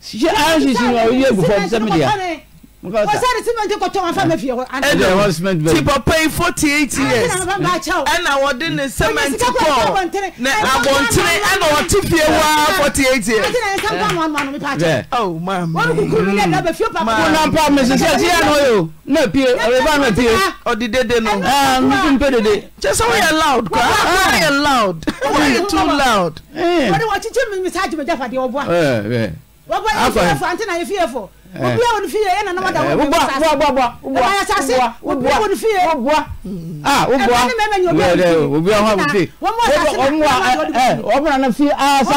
ṣe rcc ma o yẹ before sẹmi di ya. wọ́sẹ̀ ni cement kọ́tọ́ wọn fẹ́mi fiyẹ. ẹ dẹ wọn cement bẹẹ. ti papa forty eight years ẹna wọ́n di ni cement kọ́ ní abọ́ntìrì ẹna wọ́n ti fiyẹ wá forty eight years. ọ maami kunampa mesese ti yẹn n'oyo ne pie ọrẹ bá mi pie. ọdi dede nù. ẹ n tún pé dede. jésù wọ́n yẹ loud kọ́ wọ́n yẹ loud wọ́n yẹ too loud. wọ́n ni wọ́n ti jí mi wọ́pọ̀ yẹn eh. fi ẹ̀fọ́ àǹtí náà yẹ fi ẹ̀fọ́ obi àwọn fi yẹ ẹ̀nà nàmọ́dà wọ́n bẹ̀ wọ́n bọ̀ wọ́n bọ̀ sase obi eh, àwọn fi yẹ wọ́n bọ̀ ah wọ́n bọ̀ ẹ̀fọ́ ni mẹ́mẹ́ yẹn obi àwọn fi fi wọ́n bọ̀ sase wọ́n bọ̀ wọ́n bọ̀ nàfi asa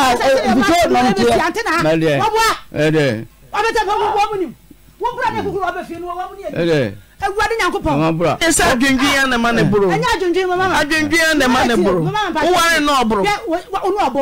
bìtẹ́ nàmtìyẹ mẹ́lẹ̀ wọ́n bọ̀ wọ́n bẹ̀ tẹ̀ fẹ́ wọ́n bọ̀ wọ́n bọ̀ ewurade nyankopɔn nsa adwendwen ya na ma ne boro ɛnyɛ eh, ya na ma ne boro woware na ɔboro ɔno ɔbɔ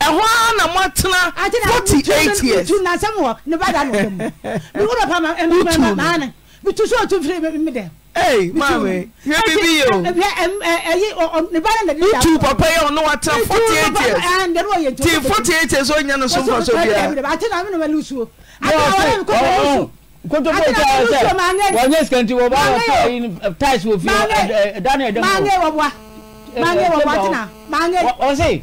ɛhɔ a na moatena forty eight years. na sɛ oh, oh. mo ne ba da n'o mu mi wúlò pa ma ẹ ma ma ni mi tu so o tu firi mi dɛ. ee maame yɛ bibi yi o. ɛyi ne ba da ne di da. tu papa yi ɔno wa tena forty eight years. ɛɛ ndé ni o yɛ nti. ti forty eight years o nya ne so nfa so bi ya. a ti na mi na ma lusu o. a ti na mi na ma lusu. koto ko ta sɛ wɔnyɛ sikanti wɔ ba tais wo fi daniel dɛm o. maa n ye wɔ bɔ maa n ye wɔ bɔ a ti na maa n ye. ɔsi.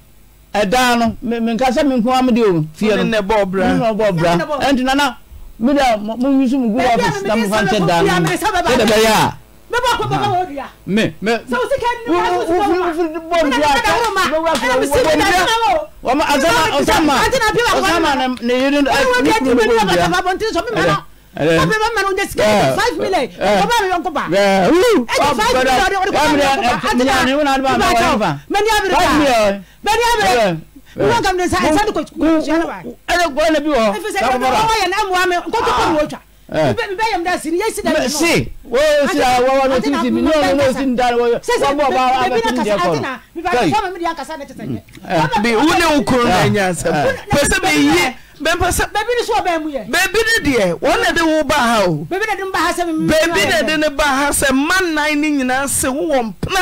ɛdan no minkasa mi nkun amadi o fie no ne bɔ bra ne bɔ bra ɛnti nana mi da mo yusu mu gu ɔfisi na mo fan kyɛ dan no e de bɛ yɛ a. mi bɔ ko bɛbɛ wo dua. mi mi wofiri wofiri bɔ dua ta bɛ wura fila wo bɔ dua wɔmɔ asama osama osama ne yiri ne kuru bɔ dua. Eh. ọbẹ bá mẹnu de sikẹ ẹjọ five million eh. ọba mi yọnko ba ẹjọ five million ọdẹ ọdẹ kọba mi yọnko ba ati na ibi ati awo mẹni abiri ka mẹni abiri wọn kàn de sa ẹsẹ de ko tiɲɛ wa. ẹni kò ẹni bi wọ. efisɛ ẹni ọwọ yẹn n'a mu wa mɛ nkoto kɔni wo twa bɛɛ yɛm da sini yɛsi da yɛlɛ. si o si a wawa n'o ti ti mi n'o n'o si da o wa bɔ a bɛ tunu diɛ kɔrɔ. bi wuli o kuru na ɲa sɛ pese bɛ ye bẹẹbi sẹ. bẹẹbi ni sọ bẹẹ mu yẹ. bẹẹbi ni deɛ wɔn na de wo ba ha o. bẹẹbi na de ne ba ha sɛ mi. bẹẹbi na de ne ba ha sɛ mma nan ni nyinaa sɛ wɔ mpena.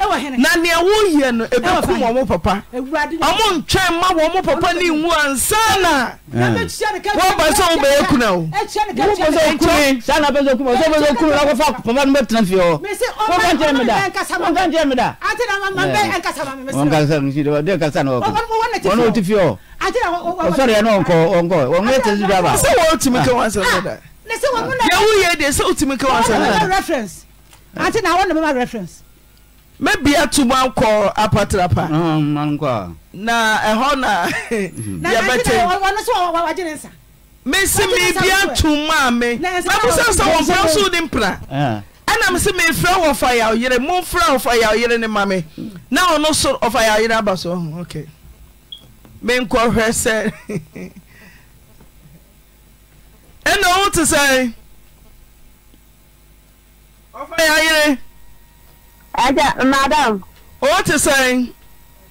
ɛwɔ hene. na nea woyɛ no ebi kum wɔn papa. ewurade ni. wɔn ntwɛn ma wɔn papa ni nwu ansana. wɔn ba sɛ wɔn bɛyɛ kuna o. wɔn ba sɛ wɔn kuni saa na bɛ sɛ kuni wɔn bɛ sɛ kuni wɔn akɔfa papa ni bɛ tena fie hɔ. wɔn kan kyerɛ mi da da. wɔn kan kyerɛ mi ati na wọn. ọsọrọ yẹn náà nkọ ọnkọ wọn yẹ tẹsí dábàá. ṣé wọn tì mí kí wọn sẹlẹ dẹ. ne se wọn múna. yẹwu yẹ de ṣé o tì mí kí wọn sẹlẹ dẹ. wọn nà mẹ reference ati na wọn nà mẹ ma reference. mẹbi atumu ankọ apatrapa. Mm, na ẹhọ eh, na yabẹ tẹ. na wọn sọ wọn wajiri nsa. Eh. mesi mi bi atumu ami abusa sọ wọn fẹ ọsùn ní mpira ɛna m sɛ mefrɛ wɔ fa yɛ ɔyere momfrɛ wɔ fa yɛ ɔyere ne ma me na ɔno so ɔfa yɛ ɔyere aba so ok menkɔhwɛ sɛ ɛnɛ wo te sɛe ɔfa yɛ ayere madam owo te sɛe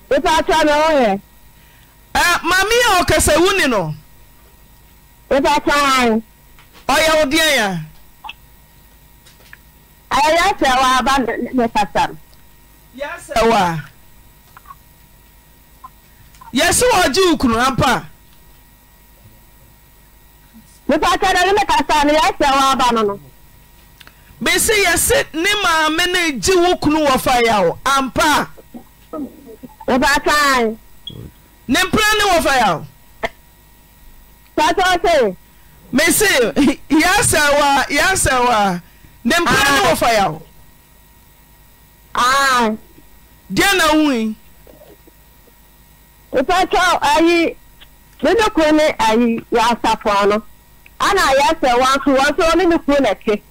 wopɛ atoa me woyɛ mame a ɔkɛsɛ wo ni no wopɛ atoa ɔyɛ wo anya? a ɛyɛ sɛ wɔaba ne kasam yɛ sɛ a yɛse wɔgye wo kunu apa mese yɛse ne maame ne gye wo kunu wɔ fa yaw ampa ne mpra ne wɔ fa yaw mese yɛasɛ wɔ a yɛasɛ wɔ a ne mpra ne wɔ fa yaw deɛ na wui mepɛtɔ ayi ne ne kuro ne ayi yɛ asafoa no ana yɛ sɛ wɔn so wɔn so ɔne ne kuro na te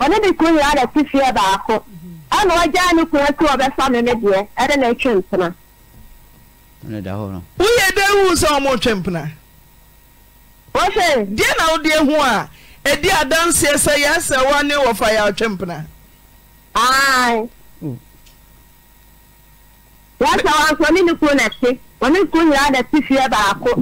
ɔne ne kuro yɛ ada ti fie baako ɛna ɔgya ne kuro ti ɔbɛfa ne ne deɛ ɛde na etwe mpena. ɛna da hɔ no. wúyẹ dé wù sẹ ọmọ twẹ na ɔde ehu a ɛdi adanseɛ sɛ yɛ sɛ wɔn ne wɔfa yɛ atwɛ mpena. ayi. yɛ sɛ wɔn so ɔne ne kuro na te ɔne nkuru na ti fie baako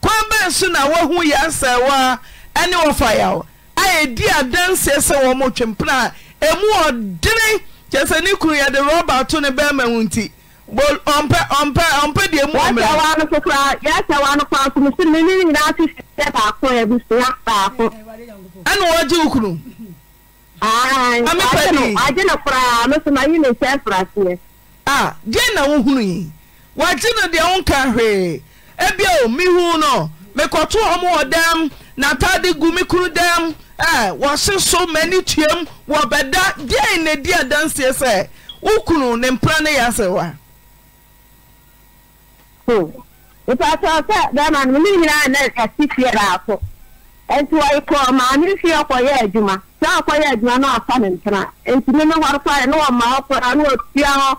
kwan bɛn so na woahu yɛ asɛewa ɛne wɔfayaw a ɛdi adanseɛ sɛ wɔ mo twempena a ɛmu ɔdene kyɛ sɛ ne kuru yɛde rɔba to ne bɛrima wo nti ɔmpɛ ɔmpɛ ɔmpɛ deɛ mu ɔmmerɛ yɛsɛ no kokora yɛsɛ no kwan so mesɛ mene nyinaa to fie baako abusua baako ɛne wɔgye wo kunu amepɛ ni agye no koraa meso mayi ne sɛ fra deɛ na wohunu yi wɔagye no deɛ wo nka hwee ebio mehu no mekɔto ɔ m wɔ dɛm n'ataade gu me kunu dɛm wɔhye so m'ani tuam wɔbɛda deɛ na di adanseɛ sɛ wo kunu ne mpra no yɛ asɛ wa ipasɛ sɛ no ne nyinaa na asi fie baako nti wɔkɔ maame fie ɔkɔyɛ adwuma sɛ ɔkɔyɛ adwuma na ɔfa ne ntena nti me ne hɔre fa ne wɔma ɔkɔra ne wɔtua hɔ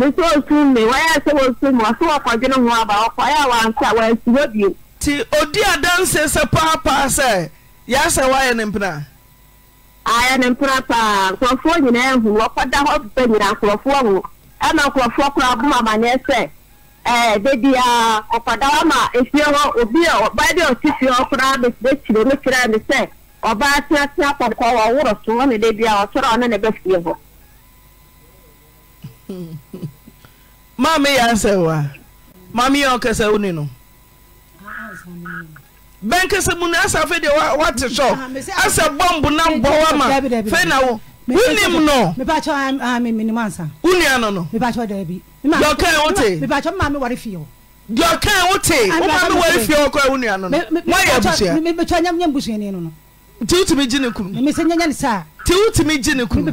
nso otum mi wɔyɛ sɛ wotum mi wɔso wɔkɔdwene ho aba wɔkɔ ayɛ a wɔansa wɔasi hɔ bio nti odi adanse sɛ paapaa sɛ yɛasɛ woayɛ ne mpena ayɛ ne mpena paa nkurɔfoɔ nyinaa ahu wɔkɔda hɔ pɛ nyina nkurɔfoɔ ho ɛna nkurɔfoɔ kora abom amanneɛ sɛ ɛɛ dedia ɔkɔda hɔ ma efie hɔ obi a ɔbaa bi a ɔte fie hɔ koraa bɛkyire no kyerɛ me sɛ ɔbaa teatea kɔkɔɔ wɔworo so hɔ ne debia ɔkyerɛ ɔne ne bɛfie hɔ maame yɛ ansɛ wa maame yɛ ɔkɛsɛ wo ni no bɛnkɛsɛ mu ah, no asa de deɛ woate sɔ asa bɔmbo na mbɔ wa ma fei na wo wonim no wonua no no deɛ ɔkae wote deɛ ɔkae wote woma me ware fie hɔ kɔa wo nua no no moayɛ abusua nti wotumi gye ne kunu nti wotumi gye ne kunu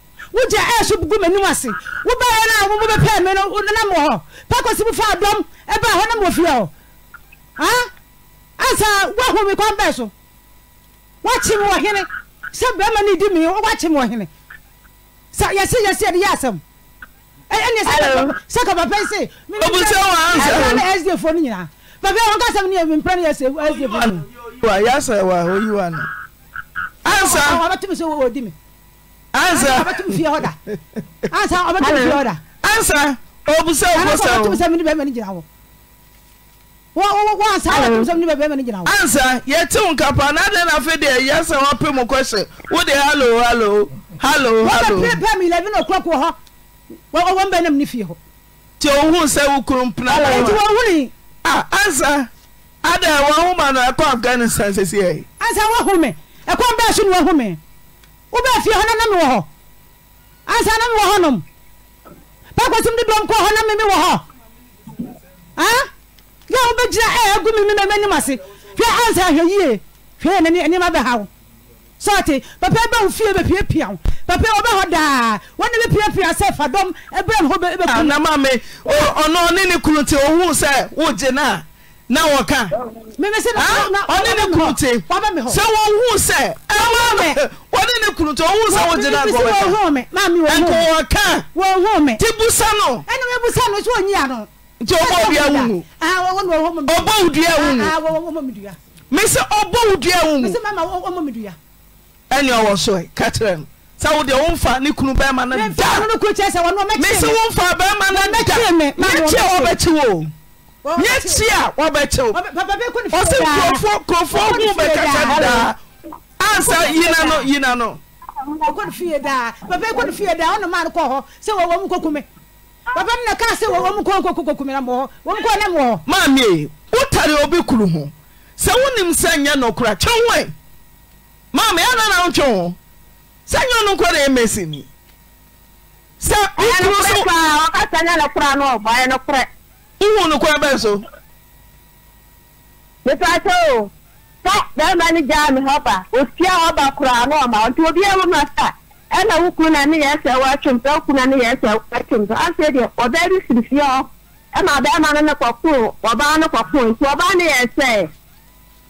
woya a so bogumanum ase woɛa a as womɛs wk en ɛa ya ɛs yɛtew kapandɛnfde ysa wap mu khye wode atihu sɛ wo wohoma nkɔ afganistan si wobɛ fiɛ hɔnana mewɔhɔ ansa namewɔhɔ nom paaksom de dɔmk hɔne me me wɔhɔ gwobegyina gu memenimase hwɛ ansa hwɛ yie hwɛ ɛnem vɛhaw sate papɛ bɛwofie bepia pia papa wbɛhɔ daa wene bepia pia sɛ fadm ranmame ah, ɔnɔne ne kolo ti owu sɛ wogyina na wɔka ɔne ne kunu te sɛ wɔhu sɛ ɔne ne kunu te ɔhu sɛ wogyina nkɔ wɔka te busa no nti ɔbɔ odua wo mu ɔbɔ odua wo mu me sɛ ɔbɔ odua wo mu ɛne ɔwɔ so ka kyerɛ no sɛ wode womfa ni kunu bɛrima no da me sɛ womfa bɛrima no da mɛkyɛ wɔbɛkyi wo yẹ kyi a wabɛkyew ɔsi nkurɔfoɔ nkurɔfoɔ hu bɛkasa daa ansa yina no yina no. ɔkɔ ne fie daa papa ekɔ ne fie daa ɔno maa no kɔ hɔ sɛ wɔwɔ mu kokume papa mi na kaa sɛ wɔwɔ mu kɔn kɔkɔ kokume na mɔ hɔ wɔn kɔn na mɔ hɔ. maami wotare obi kuru ho sɛ wonim sɛ nyɛ nɔkura twɛn wɛn maami ɛna na ntwɛn ho sɛ nyɛ ɔno nkɔ na emesi ni sɛ okuru so. ɛyɛ nɔkura paa ɔkasa nyɛ nɔkura no ɔbɔ ɛyɛ ihu nukwu ebe nso mepata o ta bẹẹma ni jaa mi osi ofia ọba kura ano ọma nti obi ewu ma sa ẹna wukuru na ne yẹn sẹ wa na ne yẹn sẹ wa ase deɛ ɔbaa bi firi fie hɔ ɛna ne ɔbaa nti ɔbaa ne yɛn sɛ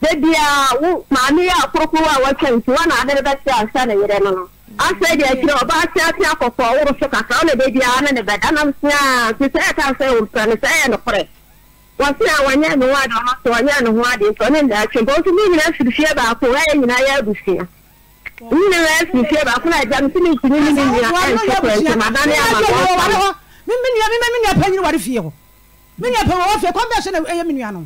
a maame a wɔtwa nti wɔn na ade bɛsi ansa ne yere no no. asɛ deɛ akyirɛ ɔba asease akɔkɔ woro so kakra wona bɛbiaa ne ne bɛda nam sea nti sɛ ɛka sɛ wosra ne sɛ ɛyɛ nokorɛ wɔse a wɔnyɛ ne ho ade ɔno so ɔnyɛ ne ho ade nti ɔne ndaatwe mpa woso ne nyina firi fie baako ɛyɛ nyinaa yɛ abusua nyina yɛ firi fie baako na agya mese ne ntumi ne ne nyina ɛnhyɛ kɔ ntoma adane ama menua memɛ me nua pa nyine ware fie hɔ me nua pa fie kɔmbɛ so na ɛyɛ me nua no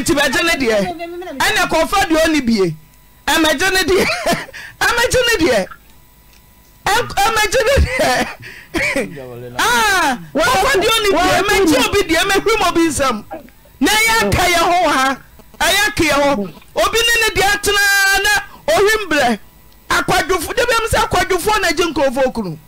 nti mɛgye ne deɛ ɛnɛ kɔfa deɛ ɔne bie ɛmɛgye ne deɛ ɛmɛgye ne deɛ ɛmɛgye ne deɛ ah, kɔfa deɛ ɔne bie ɛmɛgye obi deɛ ɛmɛhwim obi nsɛm na ɛyɛ aka yɛ ho ha ɛyɛ aka yɛ hɔ obi ne ne deɛ atenaa na ɔhwim brɛ akwadwofo de bɛm sɛ akwadwofoɔ na gye nkurɔfoɔ kunu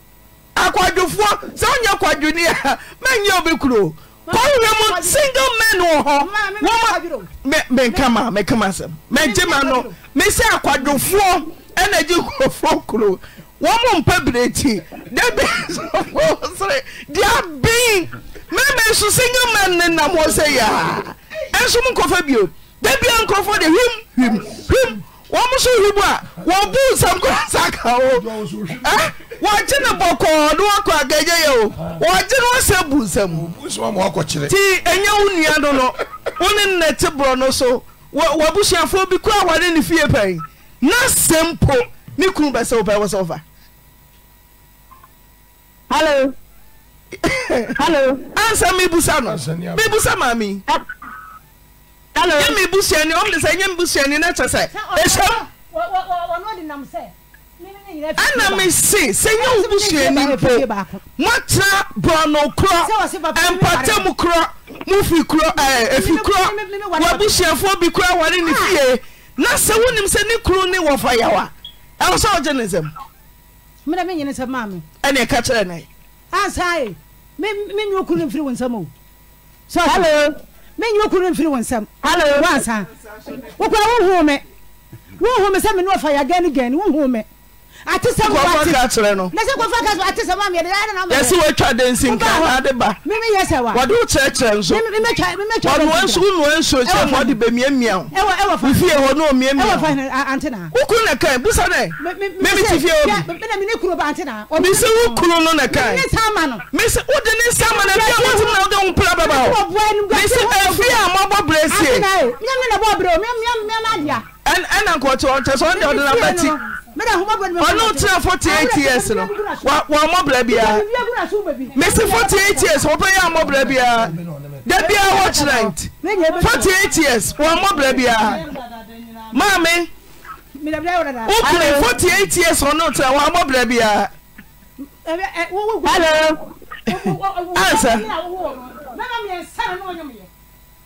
akwadwofoɔ sɛ wonyɛ kwadwoni a mɛnyɛ obi kuro kɔwura mu single men wɔ hɔ wɔn mɛ mɛnkama mɛnkama sɛm mɛnkyema no mɛsɛ akwadwofoɔ ɛna gye nkurɔfoɔ kuro wɔn mu mpa bireti dɛbi nsɔfo sere dia bin mɛmɛ nso single men ne nam wɔ sɛ yaa ɛnso e mu nkɔfɛ bio dɛbi nkurɔfoɔ de hwim hwim hwim wɔn mo so hibu a wɔn bu nsɛm kɔ nsa ka o ɛ wɔgye ne bɔkɔɔ ne wakɔ agɛgye yɛ o wɔgye ne wɔsɛ bu nsɛm ti enye wo nua no no wo ne nna ti borɔ no so wɔ wɔbusuafoɔ bi kura wɔne ne fie pɛn na sɛm po ne kunu bɛ sɛ wopɛ wɔsɛ wofa. hello hello. ansa mi busa no mi busa maami. nyame busuane e sɛ nyamebusuane n kɛ sɛ anam se sɛ nya wobu suanipo motra brɔno korɔ mpaa mu korɔ mufifi wabusuafoɔ bi kora awanene ah. fie na sɛ wonim sɛ ne kro ne wɔ fa yawa wo sɛ wogye ne nsɛmn a kɛ menyima kuro mfiri wo nsɛm wansa wokora wohuu me wohuu me sɛ me ne wɔfa yɛagane gane wohuu me kɔfaka kerɛ noyɛ sɛ woatwa de nsika nde bawode wokyerɛkyerɛ nso na so ona su sɛ mde bmiamiae ɔnor nka sameefie mesɛ wokuro no neka me wode ne nsaman temwo mompa bba mbɔbɛse ɛna nkɔɔkye wɔn kyɛ sɛ ɔn deɛ ɔde namba ti ɔno tena forty eight years no wa wa mɔbra biara mesi forty eight years wɔpɛ yɛ amɔbra biara dabi a wɔkye night forty eight years wa mɔbra biara maame wokure forty eight years ɔno tena wa mɔbra biara. hello ansa.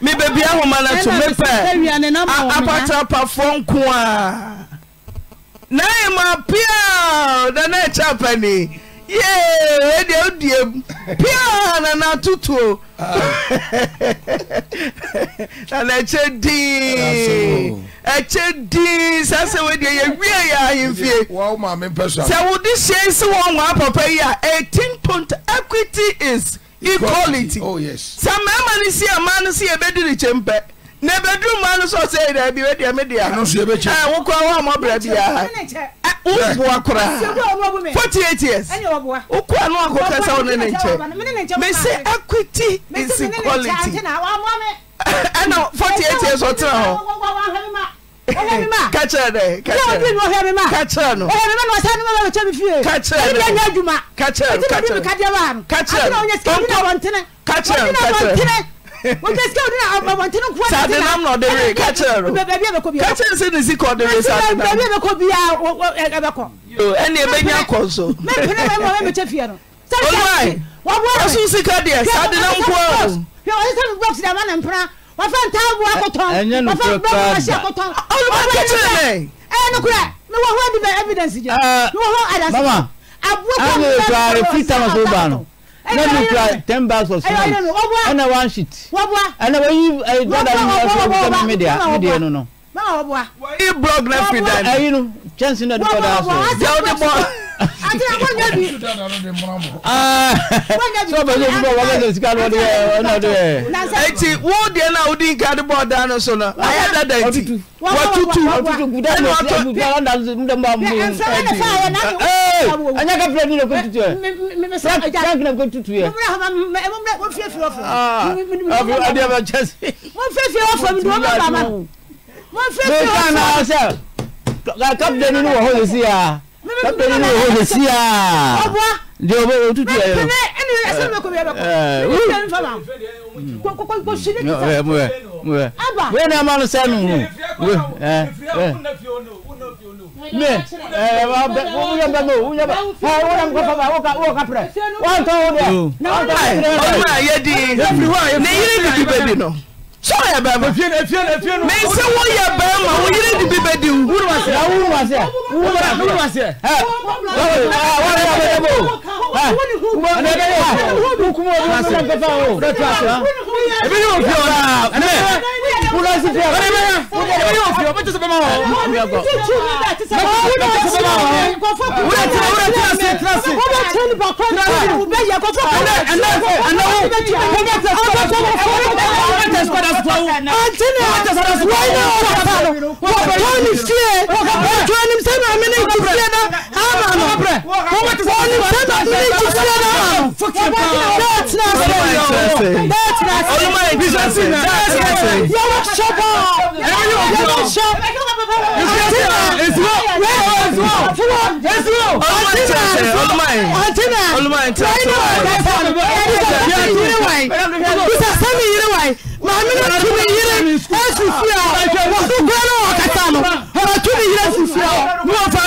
me baabi ahoma no to mepɛ apatrapafoɔ nko a na ɛma pia da na ɛkyɛ pani yee ɛdeɛ wodiem pia na natotuo na na ɛkyɛ dii ɛkyɛ dii saa sɛ wodeɛ yɛwie yɛ ahemfie sɛ wode hyei se wɔn wɔ apapa yi a Eighteen point equity is equality sɛ marima no siama no so yɛbɛdi rekyɛm pɛ na bɛdurumaa no so ɔsɛyiraa bi ɛdea mede wo koa wo amabra bi woboa kora48years wo koa noakokasa wo ne ne nkyɛ mesɛ aquityis eqalityna 48 years ɔtera hɔ ɔhwɛ mi ma kakyɛ dɛ kakyɛ dɛ ɔhwɛ mi ma kakyɛ no ɔhwɛ mi ma na ɔsan mi ma bɛ kyɛ mi fie kakyɛ dɛ ɛdi nyɛ adwuma kakyɛ dɛ kakyɛ dɛ kakyɛ dɛ kakyɛ dɛ kakyɛ dɛ kakyɛ dɛ kakyɛ dɛ wọ́n jẹ́ sikẹ́ ọdún náà ọ̀bọ̀n tí ní kúrò ní ti náà sadenam náà ọdẹ rẹ kakyẹ rẹ bẹẹbi ẹbẹ kọ bi ya kakyẹ sí ni sikọ ọdẹ rẹ sadenam bẹẹbi ẹbẹ kọ bi ya ẹbẹ kọ. yoo ẹni ebe nya kọ so. mẹ́rin pẹ̀lú ẹ̀mọ́ ẹ̀mọ́ ẹ̀mọ́ fiyẹ nù. olùwàyí ọ̀sùn sikẹ́ díẹ̀ sadenam kúrò. ọ̀sùn sikẹ́ díẹ̀ wafa ntaabu akotɔn wafa bɛnkɔsi akotɔn ɔlùmọ̀tò ti rẹ̀ ẹ̀ nukura mi wọ́n wọ́n dìbẹ̀ evidence jẹ́ mi wọ́n wọ́n adasi abuwa kan mi bẹ́ẹ̀ mi wọ́n sàn àtàkùn ne bi kura ten bags of cement ɛna one sheet ɛna wɔyi ɛyi dada mi ɛfɛ ɛfɛ mi media media no no. wɔyi blog na fi da mi. ɛyi no kyɛnse na de kɔ da so. jaw de bɔ nti wo deɛ no a wodi nka de bɔɔ daa no so no ayɛ dada nti watutuanyɛ ka pra bi na kɔtutuɛdeɛbɛkyɛ sɛ kaptani no wɔ hɔ ne si a sábẹ́ni ni òun lè sí di ọmọ òun tútù ẹ̀ yọ. ẹni ẹsẹ̀ mi kò bí ẹ bẹ kọ́ ẹ ní fama kò kò kò sí ní kìtà. aba wíwẹ́n náà máa ń sẹ́nu. ne ẹ wa bẹ wúyẹ bẹ mọ wúyẹ bẹ ọ wúyẹ bẹ fama wọ ka wọ ka pẹrẹ wọn tọ wọn dẹ. ọmọ àyè di ní yìí ni dùbẹ̀ bi nọ sọ yẹ bẹẹ ma mẹ n sẹ wo yẹ bẹẹ ma o yiri di bi bẹ di o. wúru wá sí ẹ wúru wá sí ẹ wúru wá sí ẹ. ẹ wọ́n yà bẹ yẹ bọ o ẹnẹ bẹ yẹ o nkuma o bẹ yẹ nkata o bẹ tó a sọ. ebi ni o fi ọ la ẹnẹ wúru wá sí fi ọ la ebi ni o fi ọ bẹ tó sọ bẹ ma wọ. bẹ tó sọ bẹ ma wọ. wúru ti na wúru ti na se tina se. wọ́n bẹ tẹ́ ní bakọ́ náà bẹ yẹ kó fọ́. ẹnẹ ẹnẹ ẹnẹ wo ẹnẹ tẹ sọ That's not Olúmọ̀lẹ̀ bísọ̀sì bísọ̀sì. Yọ̀wọ̀ ṣọ́bọ̀. Ẹ̀yin òjò ṣọ́. Àǹtí náà èsìwò. Èsìwò. Fúwọ́. Èsìwò. Olúmọ̀lẹ̀ tẹ̀sẹ̀ Olúmọ̀lẹ̀. Àǹtí náà. Olúmọ̀lẹ̀ tẹ̀sẹ̀ Olúmọ̀lẹ̀. Bisa sami yiri wai. Maami na tumi yiri esu fia. Wasu gbɛrɛ wa kata no. Ɔna tumi yiri esu fia. Mu afa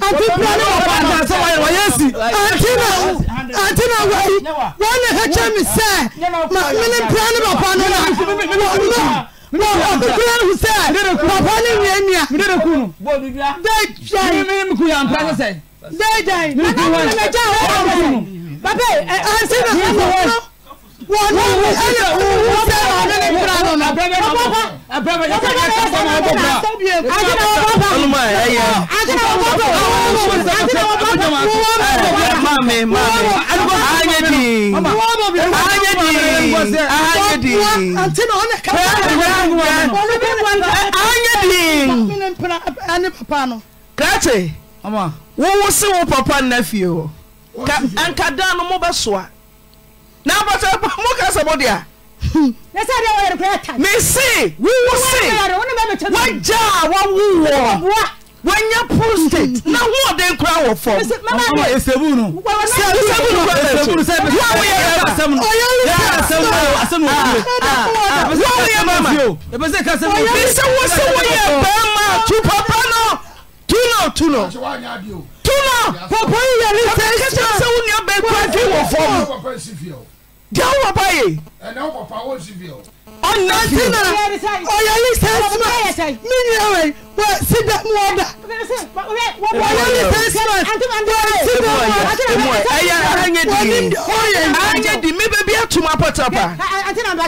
أنتنا وعي وأنا هجم الساعة من البلان بابانا وأبلان وساعة بابانا ويميا داي جاي داي جاي بابي أنتنا وأنا أنا وأنا أنا أنا أنا أنا أنا أنا أنا أنا أنا no ma ɛyɛ maame maame anyɛ dii anyɛ dii anyɛ dii anyɛ dii krakye wowo se wo papa nna fie hɔ anka dan no mobɛsoa na abɔsɛ mokasɛ mo deɛ mese wowo se wagya a wawowɔ wanya poor state na ho ɔden kora wɔ fam ɛsɛbu no mesɛ wo sɛ woyɛ bɛrima to papa no tuno tuno tuno papa yɛ ne sɛ sɛ wo nua bɛkura dwe wɔ fam deɛ wo papa ye ɔnante na ɔyɛle sɛsimas me nyina wei wɔ sida mu ɔda ɔyɛle sɛsimasɛyɛ di me bɛbi atom apɔtapa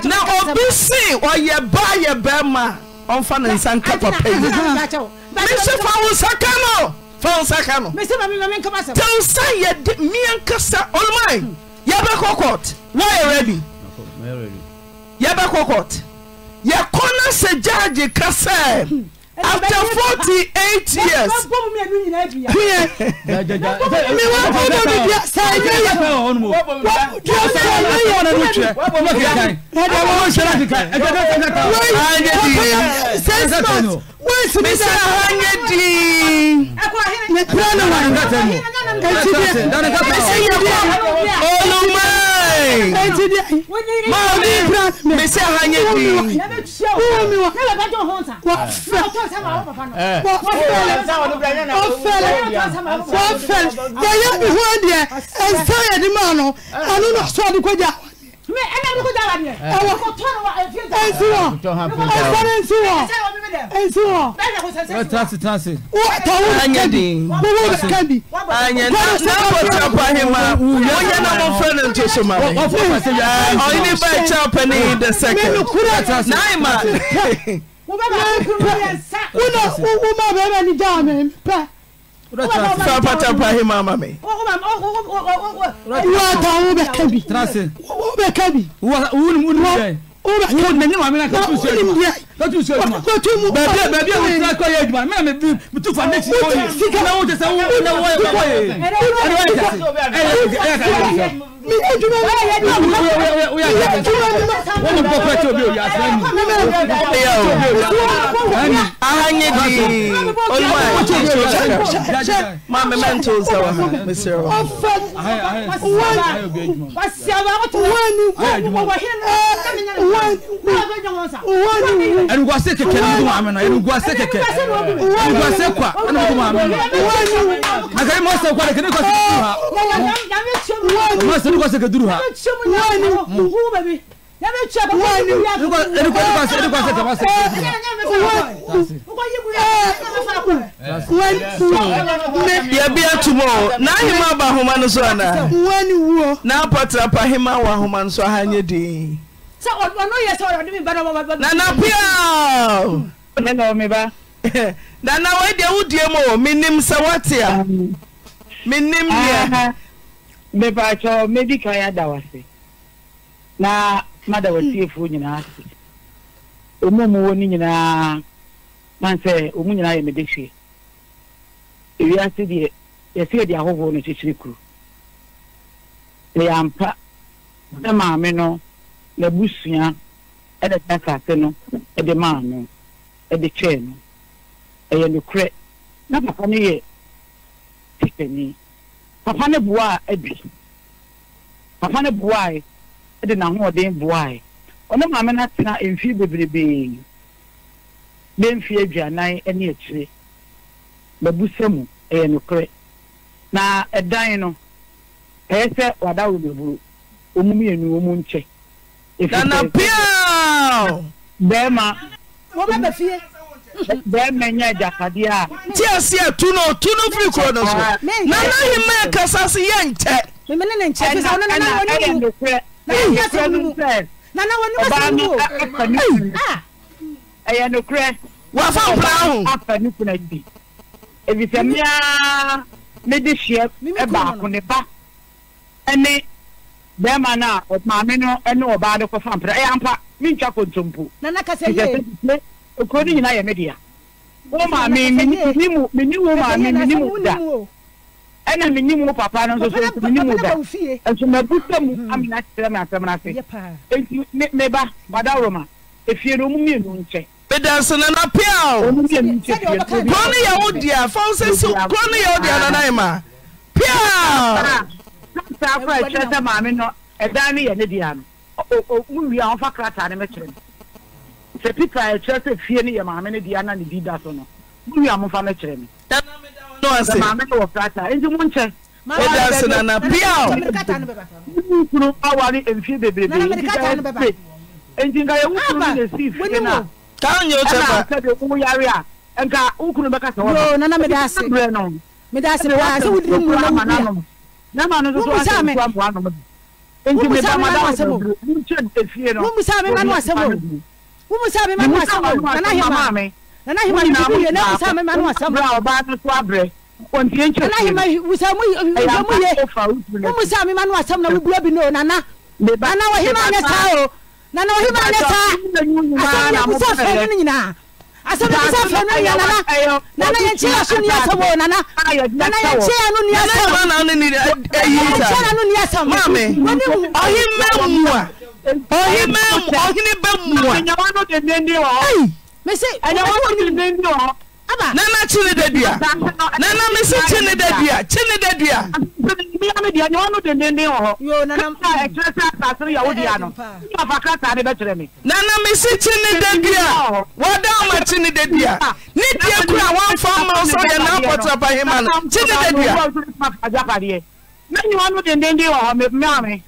na obi se ɔyɛ ba yɛ bɛrima ɔmfa ne nsa nka papa yi mehyɛ fa wo nsa ka no fa wo nsa ka no tew sa yɛ de meankasa ɔlomai yebe kokot weyeredi yebe kokot yekona sejage kase after forty eight years mi wá bọ́dọ̀ mi bí sáyé yẹ wọ́n sọ ní yọ̀nà ní twẹ́ ẹ̀dá wọ́n ṣe láti ká ẹ̀dá wọ́n ṣe láti ká wọ́n six months wọ́n sì mí sẹ́ ahányé di ní pílánù wà ní kàtẹ́ mu ẹ̀jì bí ẹ̀ ẹ̀sẹ̀ yẹ kọ́ olùmọ̀ maa mi mi sẹ ha nye bi wafẹ wafẹ wafẹ yẹyẹ mi hu adiẹ ẹnsa yẹ di maa nọ anu na sọ adi ko ja mɛ ɛna mi ko da la ni yɛ. ɛwɔ ko tɔɔrɔ wa ɛfi da. ɛnsi wɔ ɛsɛrɛ ɛnsi wɔ ɛnsi wɔ. o tansi tansi. o tɔwɔ kandi bɔbɔ kandi. anya n'a fɔ tɔpɔ ahima o ɲɛna mo fɛn na ntoso ma mi. ɔ ni ba ye ca pɛ ni de sɛkɛ. n'a ye ma. wúna wúma bẹ́ẹ̀ bẹ́ẹ̀ ni jáàmù pẹ́ fapatapa he mama me wata wo bɛ ka bi wo bɛ ka bi ahanye di ma memento sɛ wɔ ha mesrɛ wɔɛnuguase kɛkɛ ne mdom ameno ɛnuguase kɛkɛ ɛnuguase kwa ɛne mdom ameno akari ma sɛ kwa de kene kɔsɛ keduru ha ma sɛ ne kɔsɛ keduru ha yabia tom na hema ba ahoma nso an napatrapa hema w ahoma noso hanyɛ dinnanaid wodiamo menim sɛwatea menim n mada wɔsiefoɔ nyinaa ase ɔmu a muwɔ no nyinaa man sɛ ɔmu nyinaa yɛ mede fie ewiase deɛ yɛsɛ yɛde ahohoɔ no kyekyere kuro ɛyɛ ampa sɛ maame no n'abusua ɛna ta asase no ɛde maa no ɛde twɛɛ no ɛyɛ nokorɛ na papa no yɛ tikani papa no boa abi papa no boae de n'ahoɔden boae ɔno maame no atena mfii bebrebee bɛmfie aduanan ne akyire babusa mu ɛyɛ nokorɛ na ɛdan no ɛyɛ sɛ wada wɔ beburo ɔmu mmienu ɔmu nkyɛ nanapiao bɛrima wɔbɛbɛ fie bɛrima nyɛ agyapadeɛ a nti ase atu no ɔtu na firi kuro no so nana hima ɛkasa se yɛ nkyɛ ɛyɛ nokorɛ ɛyɛ nokorɛ wafa mpraa ho afa ne kuna di ebisɛ mmea mede hyeɛ baako ne ba ɛne bɛrima no a maame no ne ɔbaa no kɔfa mpra ɛyɛ ampa mentwa kontompo ekuro no nyinaa yɛ me dea wo maame menni wo maame menni wo da ɛna mi nyi mu papa no nso so mi nyi mu da nso mɛ busa mu amina kyerɛ mi asɛm n'ase nti ne ne ba bada roma efie no mu mienu nkyɛn. Bedansi nana pia o. Kuro ni yɛ o diya fɔw sisi kuro ni yɛ o diya nana yi ma. Pia. Saa kura ɛkyerɛ sɛ maame nɔ ɛdan ni yɛ ne diya no. O o mu wi a wɔn fa krataa ne mɛ kyerɛ mi. Sɛ pita ɛkyerɛ sɛ fie ni yɛ maame ne diya na ne di da so no. Mu wi a wɔn fa ne kyerɛ mi. w nti mokyɛwa no mfie bee ya awok ɛaamee usaa namawbua binanaan nyna nana kyene da dua nana me mese kyene da dua kyene da dua. mmea mi deɛ nyɛ ɔno dendenden wɔ hɔ kata ɛkyerɛ sɛ asase no yɛ wo dea no papa krataa de bɛkyerɛ me. nana mese kyene da dua wɔda ɔma kyene da dua ne deɛ kura wɔmfa ɔma so yɛ na akɔtrapa hema no kyene da dua. mɛnyi ɔno dendenden wɔ hɔ mmea mi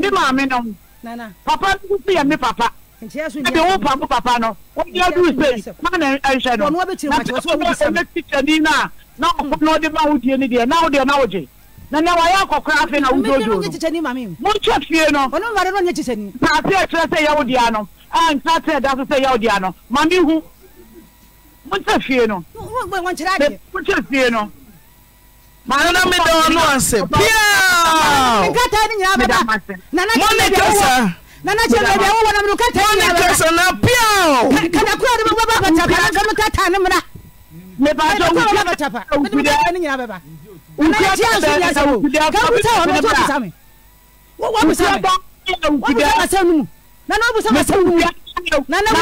ne maame no papa no nso yɛ me papa. be wopa mo papa no ony duu sei pa ne nhwɛ nonɛkyikyɛ ni no a na ɔkɔ mm. no ɔde ma wo die no deɛ na wode na wogye na nɛ wayɛ akɔkora afei na wooo mokyɛ fie noase kyerɛ sɛ yɛ wo dea no nkyerɛ tɛ da so sɛ yɛwo dea no mame hu mokyɛ fie no mokyɛ fie no manona medɛnoasɛ nanaasana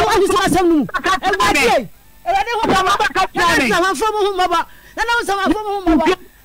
piaaakatanmaa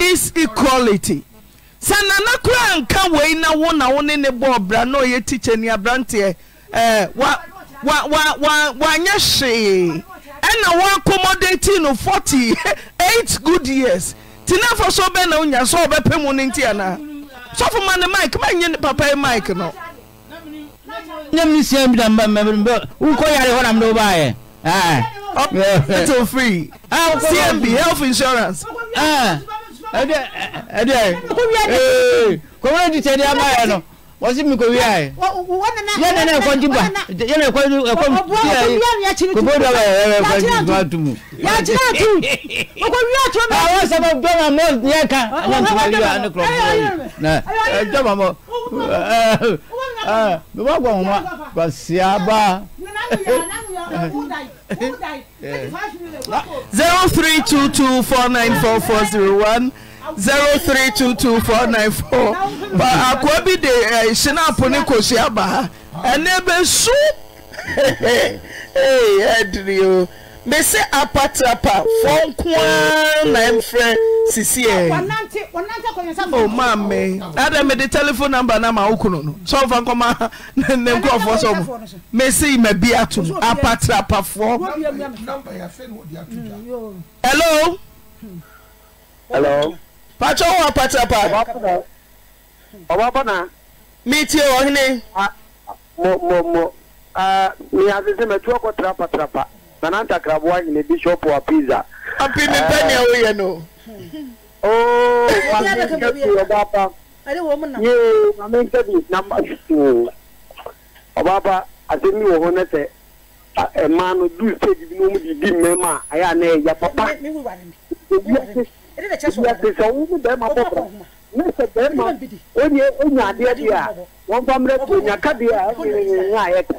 is equality sɛ nana koraa nka wei na wo na wo ne ne bɔɔ bra na ɔyɛ tikya ni aberanteɛ ɛɛ wa wa wa wa wanyɛ hwee ɛna wɔakomodate no forty eight good years te na afɔ so bɛn na onya so ɔbɛpɛ mu ne nti ana sɔfo ma ne mic ma nye ne papa ye mic no. nyɛ mi si ɛmi da mba mba mba nkɔ yare hɔ na mi de yɛ. ɔpɛ to free cmb health insurance. Uh ɛdɛ ɛdɛ ee kɔmɔ di tɛ di ama yɛ no wɔsi mi ko wia yɛ yɛ nana ɛkɔ nti ba yɛ nana ɛkɔ nti ɛkɔ nti yɛ koko dɔ bɛ yɛ ɛkɔ nti ba tumu. yakyerɛ tu ɔkɔ wia tu ma. awɔ sɛbɛ bɛma mɔ yɛ kan ɛna ntoma yi a ne kɔrɔ mɔ yi na ɛjɔba mɔ ɛɛ mi bá gbọ̀ wọn kò sí abá. zero three two two four nine four four zero one zero three two two four nine four ba akwa bi de ẹ sinapu ni kò sí abá ẹni ebe sùn ẹ ẹ dìrì o. mese apatrapafɔɔ nkoaa na mfrɛ sisiɛ oma me adɛn mede telefone number na mawokono nosɛfa nkɔm nemkuɔfoɔ s mense ima bi atom apatrapafoɔelopaahɔ apatrapa metie wɔene ah, sanata krabowa nyina bishop wa pizza. api mi pẹ ni ẹ wọnyẹ no. ooo maame nkẹbi ọba apa yee maame nkẹbi namba soo ọba apa asemi wọ hɔ n'ẹsɛ mmaa no du stage bi na wɔn de di mmarima a ayɛ anan ɛyɛ papa ebi ase ebi ase sɛ wɔn bɛrima bɔ bɔ ne sɛ bɛrima onye onye adeɛ bi a wɔn fa mmerɛ to nyaka bi a ɛfɛ nyɛ ayɛ tɛ.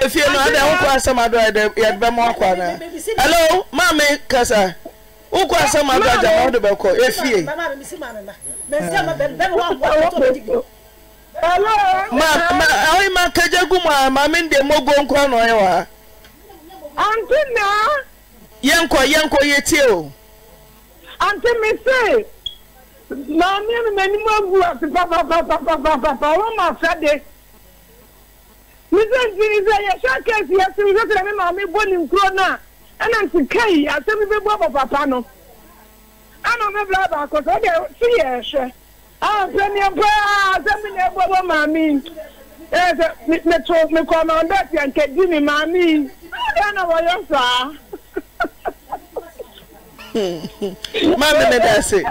efie no ada wokɔ asɛm ado a yɛdebɛ ma hello maame kasa wokɔ asɛm ado agya ma wode bɛkɔ efie awoyi ma kagya gu mu a maame ndeɛ mɔgo na ante naa yɛnkɔ yɛnkɔ yɛtie o ante me se maame no m'anim de mizanti ni sɛ yɛhwɛ kɛse yɛse mi sɛsɛ me maame bɔ ne nkuro no a ɛna nti kai asɛm bi bɛbu abɔ papa no ana me bra baako sɛ ɔde so yɛhwɛ asɛ neɛ paa asɛm bi na ɛbu abɔ maame yi ɛyɛ sɛ meto mekɔ na ɔdɛ ti ankadi me maame yi ɛna wɔyɛ saa maame ne da se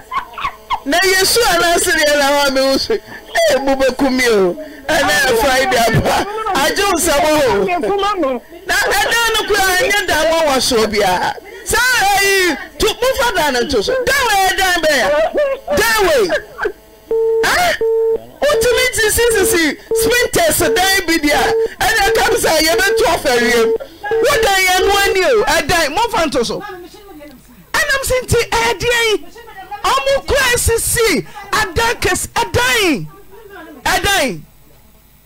na yesu anaasɛ deɛ na hɔ a mewo so ɛbu bɛkumie o ɛna ɛfraide aba agye wo sɛ wɔho ɛdan no koraa ɛnyɛ dan wɔwɔ soɔ biara saa ayi to mofa dan no to so dan wei yɛ dan bɛyɛ dan wei wotumi ti sisisi sprinters dan bi di a ɛna ɛka bisa yɛbɛtu afɛwiam wodan yɛn no ani o ɛdan e mofa nto so ɛnam e si nti ɛdeɛn e ɔmo kura sisi adan kɛse ɛdan ɛdan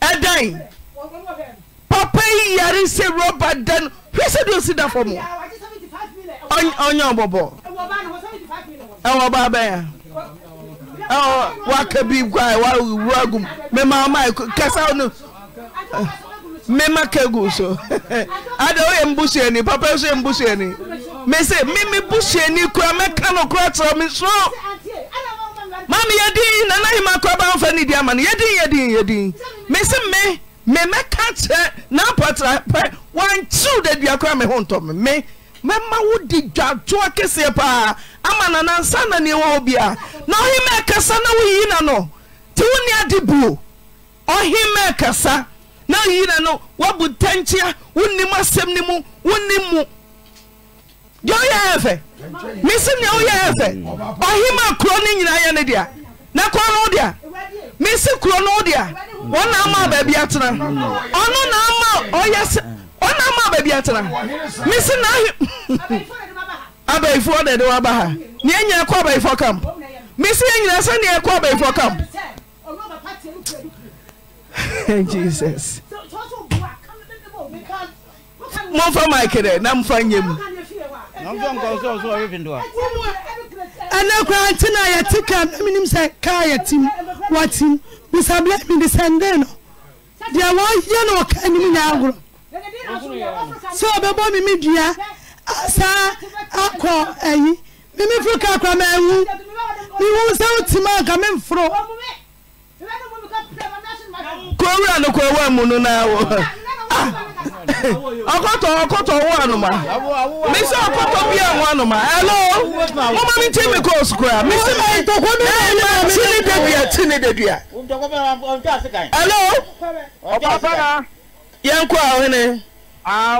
ɛdan. papa yi yare sɛ roba da no hwɛ osi deɛ ɔsi da fɔ mu ɔnyɛ ɔbɔbɔ ɛwɔ baa bɛn a waka bi gua wawura gu mu e mema ɔma kasa no mema ka gu so ada woyɛ mbusuani papa nso e yɛ mbusuani mese meme busuani kora mɛka no kora kyerɛ me soro maame yɛdin nana hema kora bamfa ne di ama no yɛdin yɛdin yɛdin mese me memɛka kyerɛ napɔtrapɛ wankyew da duakora me ho ntɔme me mɛma wode dwatoa kɛseɛ paa ama nanansa na neɛwɔ hɔ bia na ɔhema ɛkasa na woyi na no nti wonni ade buo ɔhema ɛkasa na oyi na no woabu tankyia wonnim asɛm no mu wonnim mu deɛ woyɛ ɛfɛ mesim nea woyɛ ɛfɛ ɔhema kuro no nyina yɛ no dea na kɔ no wo mesi kuro no wodea ɔna ama baabi atena ɔno naama ɔyɛ sɛ ɔna ama baabi atena mesi na abayifoɔ de de waba ha nea nyina kɔ abayifoɔ camp mesi yɛ nyina sɛ nea ɛkɔ abayifoɔ camp jesus momfa mike dɛ na mfa nyɛ mu ɛne kora nte na yɛteka na menim sɛ ka yɛ tim wa tim musabela mi de sɛnde no dea wɔya no ɔka nim nyaagorɔ so bɛbɔ meme dua asaa akɔ ayi memeforo ka krama ahu mewosɛwo tim anka memforo Ah! ọkọtọ ọkọtọ wọ anuma misi ọkọtọ bi ẹwọ anuma hello mo ma mi ti mi kọ sukura misi mi ntọkọ mi ma mi e e e ma ti ni dedua ti ni dedua hello ọbafana yẹn kọ ahun ni.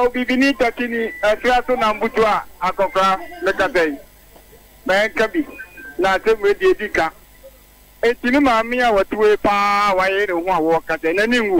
obibi ni tati ni ẹfi aso na mbutu a akọkọ mẹkata yi mẹ nkabi na asem edi edi ka etini maame a wọtiwe paa wayé ne ho a wọ na ẹnani nwu.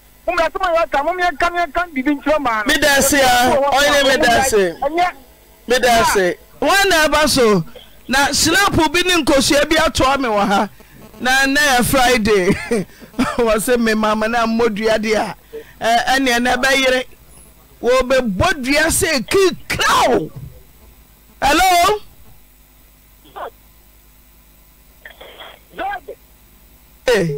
mgbe asọmpi ya ka mụ mịa ka mịa ka bibi ntụọ ma. esi ya onye esi. nwa na na sinapu bi ne nkosua bi atụọ mi ha na nne ya Friday wɔsɛ mmemma na mmɔ dua deɛ a ɛneɛ e, na ɛbɛyere wɔbɛbɔ dua sɛ hello Hey. Eh.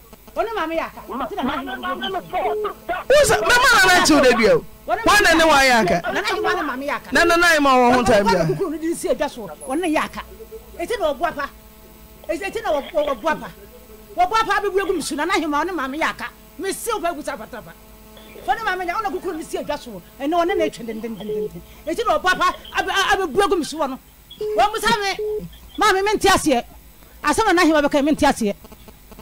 wone maame yɛ aka nti na nana wosa mɛma nana akyi wo da bia o na ne wayɛ aka na nana ayɛ ma wɔ ho ta bia kukuru no de si adwa so wɔne yɛ aka ɛti na wɔboa pa ɛti nana ahema wone maame yaka. aka mesi wo pa agu sa patapa fɔne maame yɛ wɔne kukuru no si adwa so ɛnɛ wɔne na atwa dendendenden ɛti na wɔboa pa abɛbu agu msu wɔ no wɔn musa me maame mente aseɛ asɛm nana ahema bɛka mente aseɛ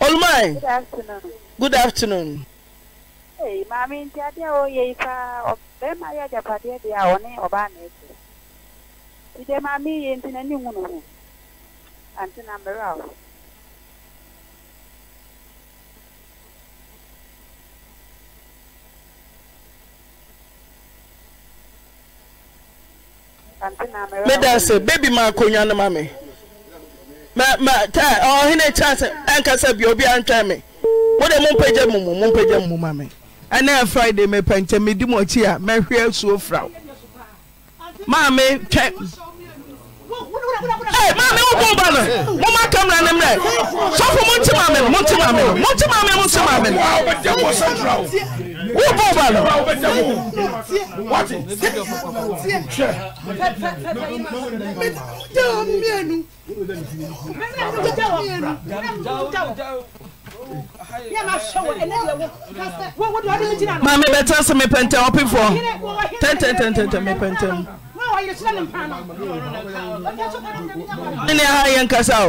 Olumai. Good afternoon. Good afternoon. Ee, maame nti adeɛ a ifa yi paa ɔbɛrima ya agyapadeɛ deɛ a na ɛte. Nti deɛ maame yɛ na mmerɛ a. Ante na mmerɛ a. baby ma ma ma taa ɔhene oh, chance ankasa bi obi antwɛn mi mo de mo mpagya mu mu mo mpagya mu mu ma mi ɛnna friday mepɛ nkyɛn mi di mo akyi a mɛhwɛ asuo firaw maame twɛ ee eh, maame wo bɔ ba no mo ma kamara ne mmerɛ sɔfo mo ntoma maame no monte maame no monte maame no wo bɔ ba no. Jawo mienu. Jawo mienu maame bɛtena sɛ mepɛntɛ ɔpefoɔ tɛntɛntɛntɛntɛ mepɛntɛm ne ha yɛnkasa o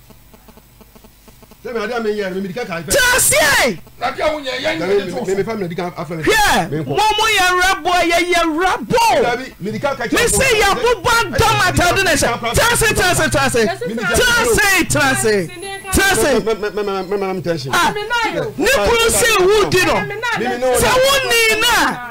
sẹ́mi adé mi yẹ mi dika kàn fẹ́. tẹ́sí ẹ̀. lakẹ́ àwọn yẹn yẹn yẹn tó. mi fa mi dika afẹ́ mi. yẹ mo mu yẹ rẹ́bù yẹ yẹ rẹ́bù. mi dika kàn fẹ́. mi sẹ́ yẹ búbá dọ́m àtẹ̀wọ́dún náà ṣe. tẹ́sí tẹ́sí tẹ́sí tẹ́sí tẹ́sí tẹ́sí. mẹ́mẹ́mẹ́mẹ́ tẹ́sí. ní kùrú sí ìwú di nù. sẹ́wọ́n ní iná.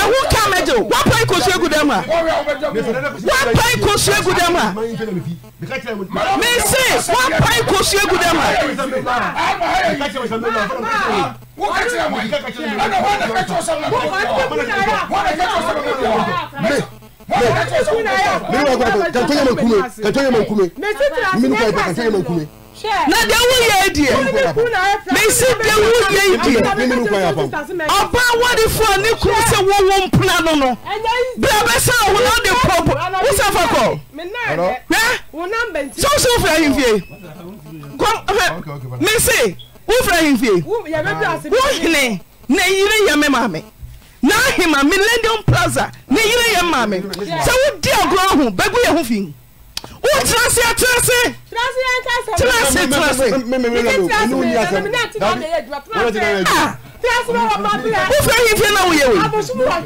ɛhu kamɛgye woapa nkosua gu dɛm a woapa nkosua gu dɛm a mese woapa nkosua gu dɛm a Wọ́n kẹ́kẹ́ ẹ̀ mọ̀ ẹ́ na de wo yɛ deɛ mesi de wo yɛ deɛ ɔba wadefoɔ ne kuru sɛ wɔwɔ mpona no no bra bɛsɛ wo na wode pɔp wo sɛ fa kɔ sɛ wo sɛ wofra ahemfie mese wofra ahemfie wohene na yere yɛ me maame na ahema millennium plaza ne yere yɛ maa mi sɛ wodi agorɔ ho bɛgu yɛ ho fi wo tenase atenase tenase tenase. I'm I'm I'm not not not No, I because Mister, watching Watching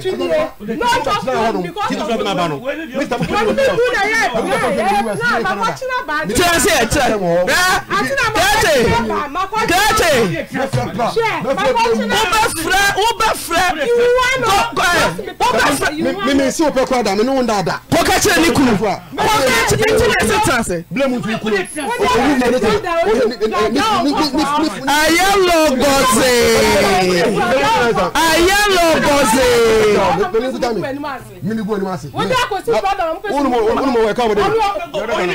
Watching. Watching You Me, Who wofɛ yi fiɛ na woyɛ wekyerɛsɛ kyerɛwobɛfrɛwobɛfrɛmemesi wopɛ kɔ da mene wo dada kɔka kyerɛ ne kunu ntinɛsɛ trase ayɛ lɔgɔse ayé ló bọ̀ sí. mílíọ̀nù ni màá se. wọ́n dẹ́ kò sí bọ́dọ̀ wọn. wọ́n mú mọ̀ ẹ̀ka ọmọdé.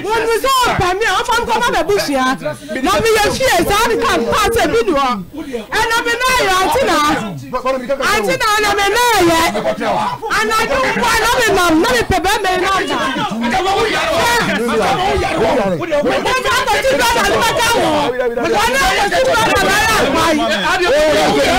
wọ́n mú sọ ọ̀bàmí àwọn fọ́nkọ́ má bẹ̀ bú sí a. na mi yẹ fi èsì àríkà pàṣẹ bí nù ọ. ẹnà mi náà yẹ àti nà. àti nà ẹnà mi náà yẹ. ànájú wà náà mi nà náà mi pẹ̀bẹ́ mi náà nà. mo bá kò sí bọ́dọ̀ àti bàtà wọ̀. mo náà kò sí bọ́dọ̀ àbáyé àgbáyé.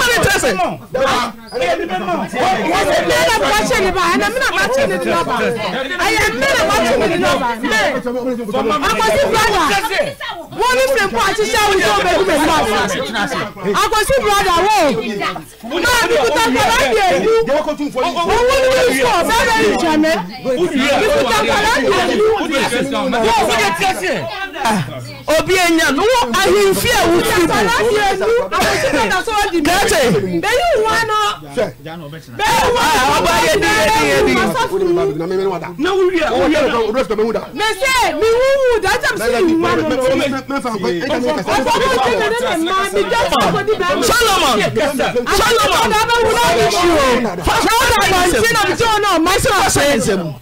sɛ. mɛna bɔ kyɛ ne ba ɛnɛ mɛna bɔ kyɛ ne di nɔba ɛyɛ mɛna bɔ kyɛ ne di nɔba mɛ akɔsi brada wɔn ni fɛ nkɔ akyekyɛ awo sɛ ɔbɛ du mɛmu awo akɔsi brada wo maa mi kuta nkɔla di edu owó ni mi sọ bẹ́ẹ̀ bɛ mi jẹ mɛ mi kuta nkɔla di edu obi enya nuwo ahemfi a wusi bu kẹtẹ mu. bẹ́ẹ̀ yóò wá nọ. bẹ́ẹ̀ wá nọ. ọba yẹ di yẹ di yẹ di. na wuli a wuli a. mẹsẹ̀ mi wúwú dájà mi sì wù wá nọ. ọ̀pọ̀ mi ti nà nà mà mi jẹ́ ọ̀pọ̀ di bẹ́ẹ̀ mi. Solomon Solomon. ọ̀dà bẹ́ẹ̀ wúlò ní ìṣirò. fọ́nà àgbà ìṣẹ́ náà mi jẹ́ ọ̀nà ọ̀ma ìṣẹ́ ọ̀ṣẹ́.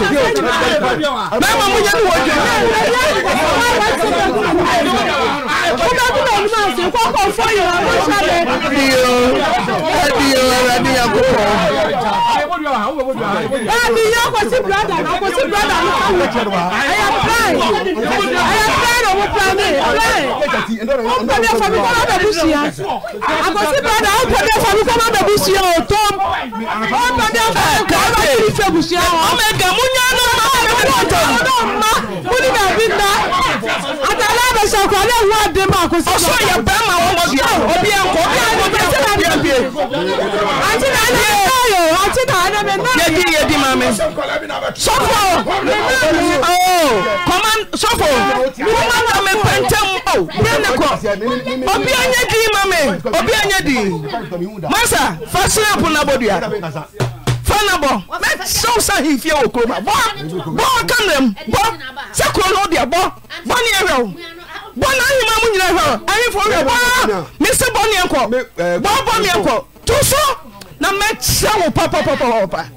bẹẹma mo yẹ ni wo jẹ. mo bẹ bí lòun náà sí kókó fọyọ ọmọ sábẹ. ẹbí o ẹbí o ẹbí yẹn kó pọ. ẹbí yẹn kò sí brọdà náà kò sí brọdà náà. ẹyà plan ẹyà plan ọmọ plan mi plan. ó ń pè mí ẹfọ mi kọ́ máa bẹ̀ bú sí ya. àkọsí brọdà ó ń pè mí ẹfọ mi kọ́ mú ọsọ yẹ bẹẹ ma wọn bọ bi a obi ẹ nkọ obi ẹ nkọ bi ẹ nkọ bi ẹ yedi yedi obi ẹnyẹ di maami obi ẹnyẹ di masa fasinapù nàbọdùá na bɔ mɛsɛw sɛ ahemfie wɔ kurom a bɔ bɔ kamera mu bɔ sɛ kuro no deɛ bɔ bɔ ne ɛhwɛ wo bɔ na ahema mu nyina hwɛ ahemfo hwɛ bɔ mese eh, bɔ ne ɛnkɔ bɔ bɔ ne ɛnkɔ to so na mɛkyerɛ wo papapapapa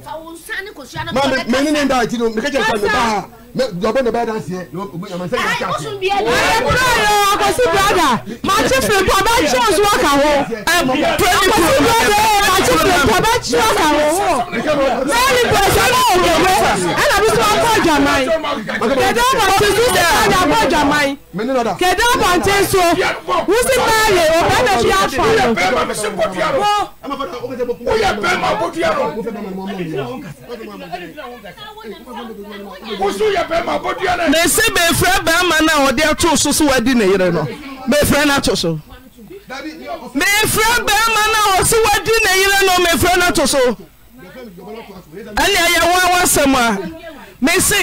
maame mene ne ndaa akyi no mekɛkyɛ sɛ mebaa jọbọ ne bẹ dan seɛ. ayi o sun biɛ de. ɛɛ kúrò yɛ akosi brada maa ti fili pɔ bɛ tí o sùn ka wo. akosi brada yɛ maa ti fili pɔ bɛ tí o ka wo. mɛri pɛsɛ bɛ o gbogbo ɛna bí sọ kó jama yi kẹdẹ bọ̀ntì sísè padà kó jama yi kẹdẹ bọ̀ntì so wusi mẹ́rin o bẹ́ẹ̀ bẹ fi àfọ̀ o yẹ bẹ́ẹ̀ ma bó diya rọ. o yẹ bẹ́ẹ̀ ma bó diya rọ. mese bɛfrɛ bɛima no a wɔde atoo so so wadi ne yere no bɛfrɛ no ato so mefrɛ bɛima no a wɔ se wadi ne yere no mefrɛ no ato so ɛnea yɛwoa woasɛm a mese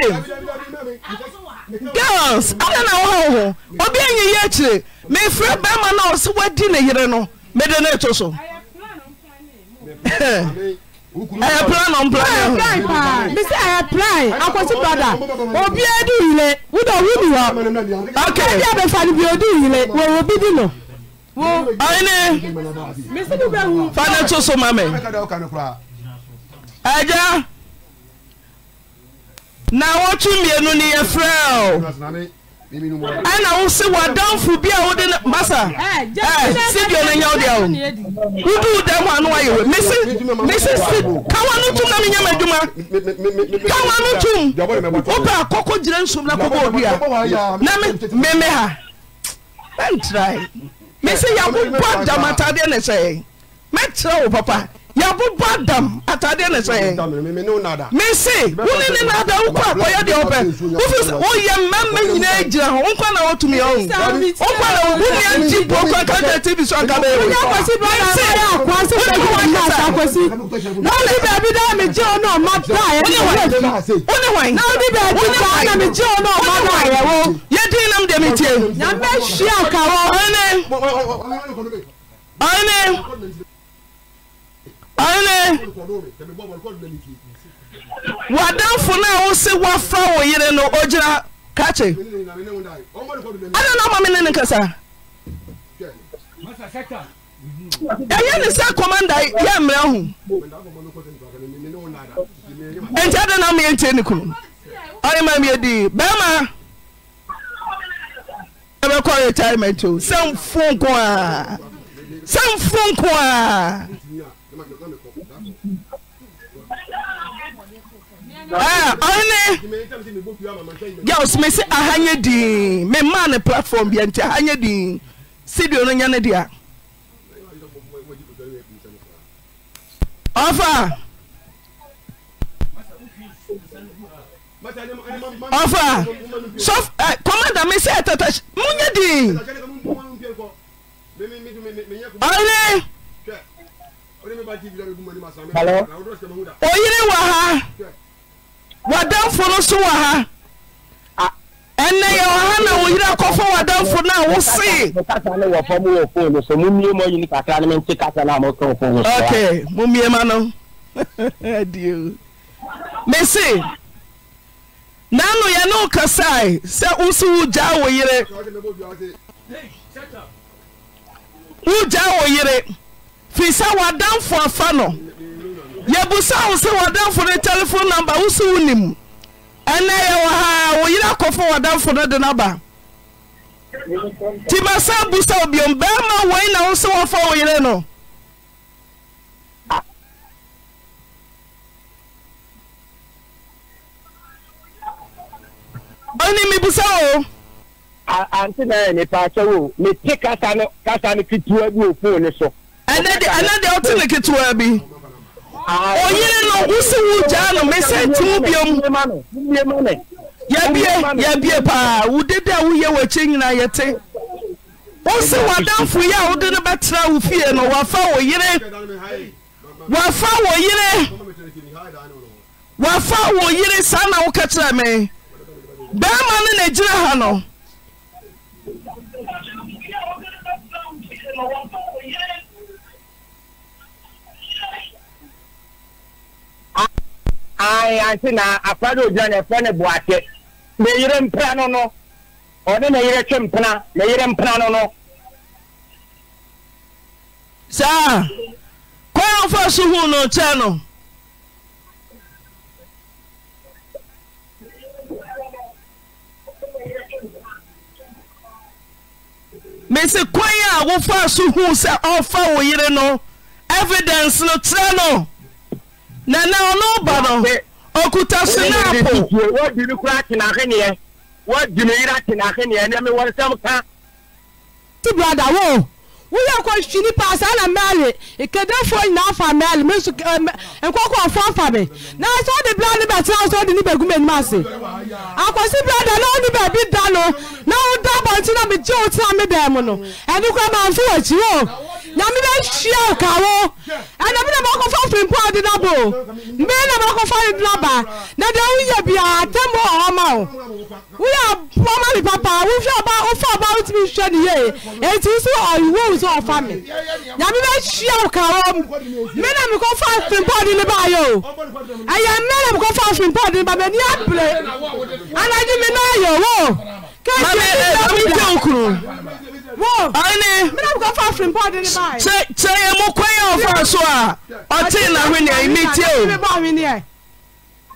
girls ana na woha wo ho obi anyi yɛ akyire mefrɛ bɛima no a wɔ se wadi ne yere no mede ne ɛto so ɛyɛ plan na mplan yɛ plan paa bisi ɛyɛ plan akwasi brada obi edu yile wudɔ wudi hɔ ok ɛdi abɛfa ni bi odu yile wɔ obi di no. wo ɔyini fana tó so ma mɛ ɛgya na wɔtwi mmienu ni yɛ frɛ o ɛna wo se w'adamfo bi a wode masa sidio no nyɛ wode awo woduu dɛ mu ano wayɛ we mese si kawa no tom na menyam adwuma kawa no tom wopɛ akɔkɔ gyina nsum na kɔbɔ obi a na meme ha mɛntrae mese yɛwobɔ damatadeɛ ne sɛe mɛkyerɛ wo papa yabobɔ adam atadeɛ ne sɛ mese wone ne nada wokɔ akɔyɛ deɛ wopɛ woyɛ mmama nyinaa gyina ho wonkwa na o wotumi o wonkwa na o o na nkyi bo kɔ kakɛ tv so anka bɛyɛwone yɛdin nam deɛ metie ɔne ɔne ɔyene wadamfo no a wo se woafra wo yere no ogyina kakye ada na ɔma me ne ne kasa ɛyɛ ne sɛ kɔmanda yɛ mmerɛ ho ɛnti ada na meyɛntie ne kunu ɔne ma meyɛdi bɛrima ɛbɛkɔ retirement o sɛ mfo nko a sɛ mfo nko a oyas ah, me si ahaye di me mane plateform bianti ahaye din siduo noyanedia fso eh, commande me sitata muƴe di Hello? Oyiri wɔ ha. Wadamfo no so wɔ ha. Ɛnɛ yɛ wɔ ha na oyiri akɔfo wadamfo no a wose. Kasa ne wɔ fam wɔ fone no so mu mie mu ayi ni kakra ne nti kasa na mo kɔn fone no so. Okay, mu mie ma no. Adio. Mesi. Nanu yɛ no kasae sɛ wosi wo gyaa wo yere. Wo gyaa wo yere firi sɛ wɔadamfo afa no yɛbusa wo sɛ wɔadamfo no telephone number wo so wo nim ɛnɛ yɛwɔ haa wo yere akɔfo wɔadamfo no de no ba nti masa bu sɛ obiom bɛrima wɔi na wo sɛ wɔfa wo yere no ɔni mebusa o ante na yɛ nipa kyɛ wo mete kasa no kasa no ketewa bi wɔ fone so ɛnɛ deɛ ɔte ne ketewa bi ɔyere no wosi wo gyaa no mesɛ ntim biom yɛbie yɛbie paa wo dede a woyɛ w'akyi nyinaa yɛte wosi w'adamfo yi a wode no bɛtena wo fie no wafa wo yere wafa wo yere wafa wo yere saa na woka kyerɛ me bɛrima no na gyina ha no aanti naa afa dooane ne bo ate me yere mpra no no ɔne meyeretwempea meyere mpa no no saa ka a wofa so huu no kyɛɛ no mesi kan a wofa so huu sɛ ɔfa wo yere nonceɛ nana ɔno ba no ɔkuta sinapo. wɔdi mi kura tena ahenneɛ wɔdi mi yira tena ahenneɛ ɛnɛ mi wɔn nsɛm ka. ti brada wo wúyẹ kọ sini paasa na mẹẹli ìkédefoɔ nyinaa fa mẹẹli mẹsu nkɔkɔ ɔfɔ afa mi n'asɔ di bila ni bɛ tena sɔ di ni bɛ gun bɛ nimu ase akɔsi brada n'awo ni bɛ bi da no n'awo da abɔnti na mi gye mi dɛm no ɛni kura maa n fi wɔ akyi o nyame bɛ hyia o ka wo ɛna mi na ma kɔ fɔ bo mbee na bɛkɔ fɔre dɔba na deɛ woyɛ biara tɛm wɔ hɔ ma o woyɛ ɔma mi papa wofi ɔba wofa ɔba wotumi hwɛ ne yie eti nso ɔyiwo nso ɔfa mi nyame bɛ hyia wo ka wɔ mu mbee na mi kɔ fɔ afimpɔɔdi ne ba yɛ o ɛyɛ mbee na mi kɔ fɔ afimpɔɔdi ne ba mɛ ni abire anagye mi n'ayɛ o wo kéèké ti dɛ wuli dɛ wo ɛne sɛ yɛ mu kwan yɛ ɔfa so a ɔte na hwene a metie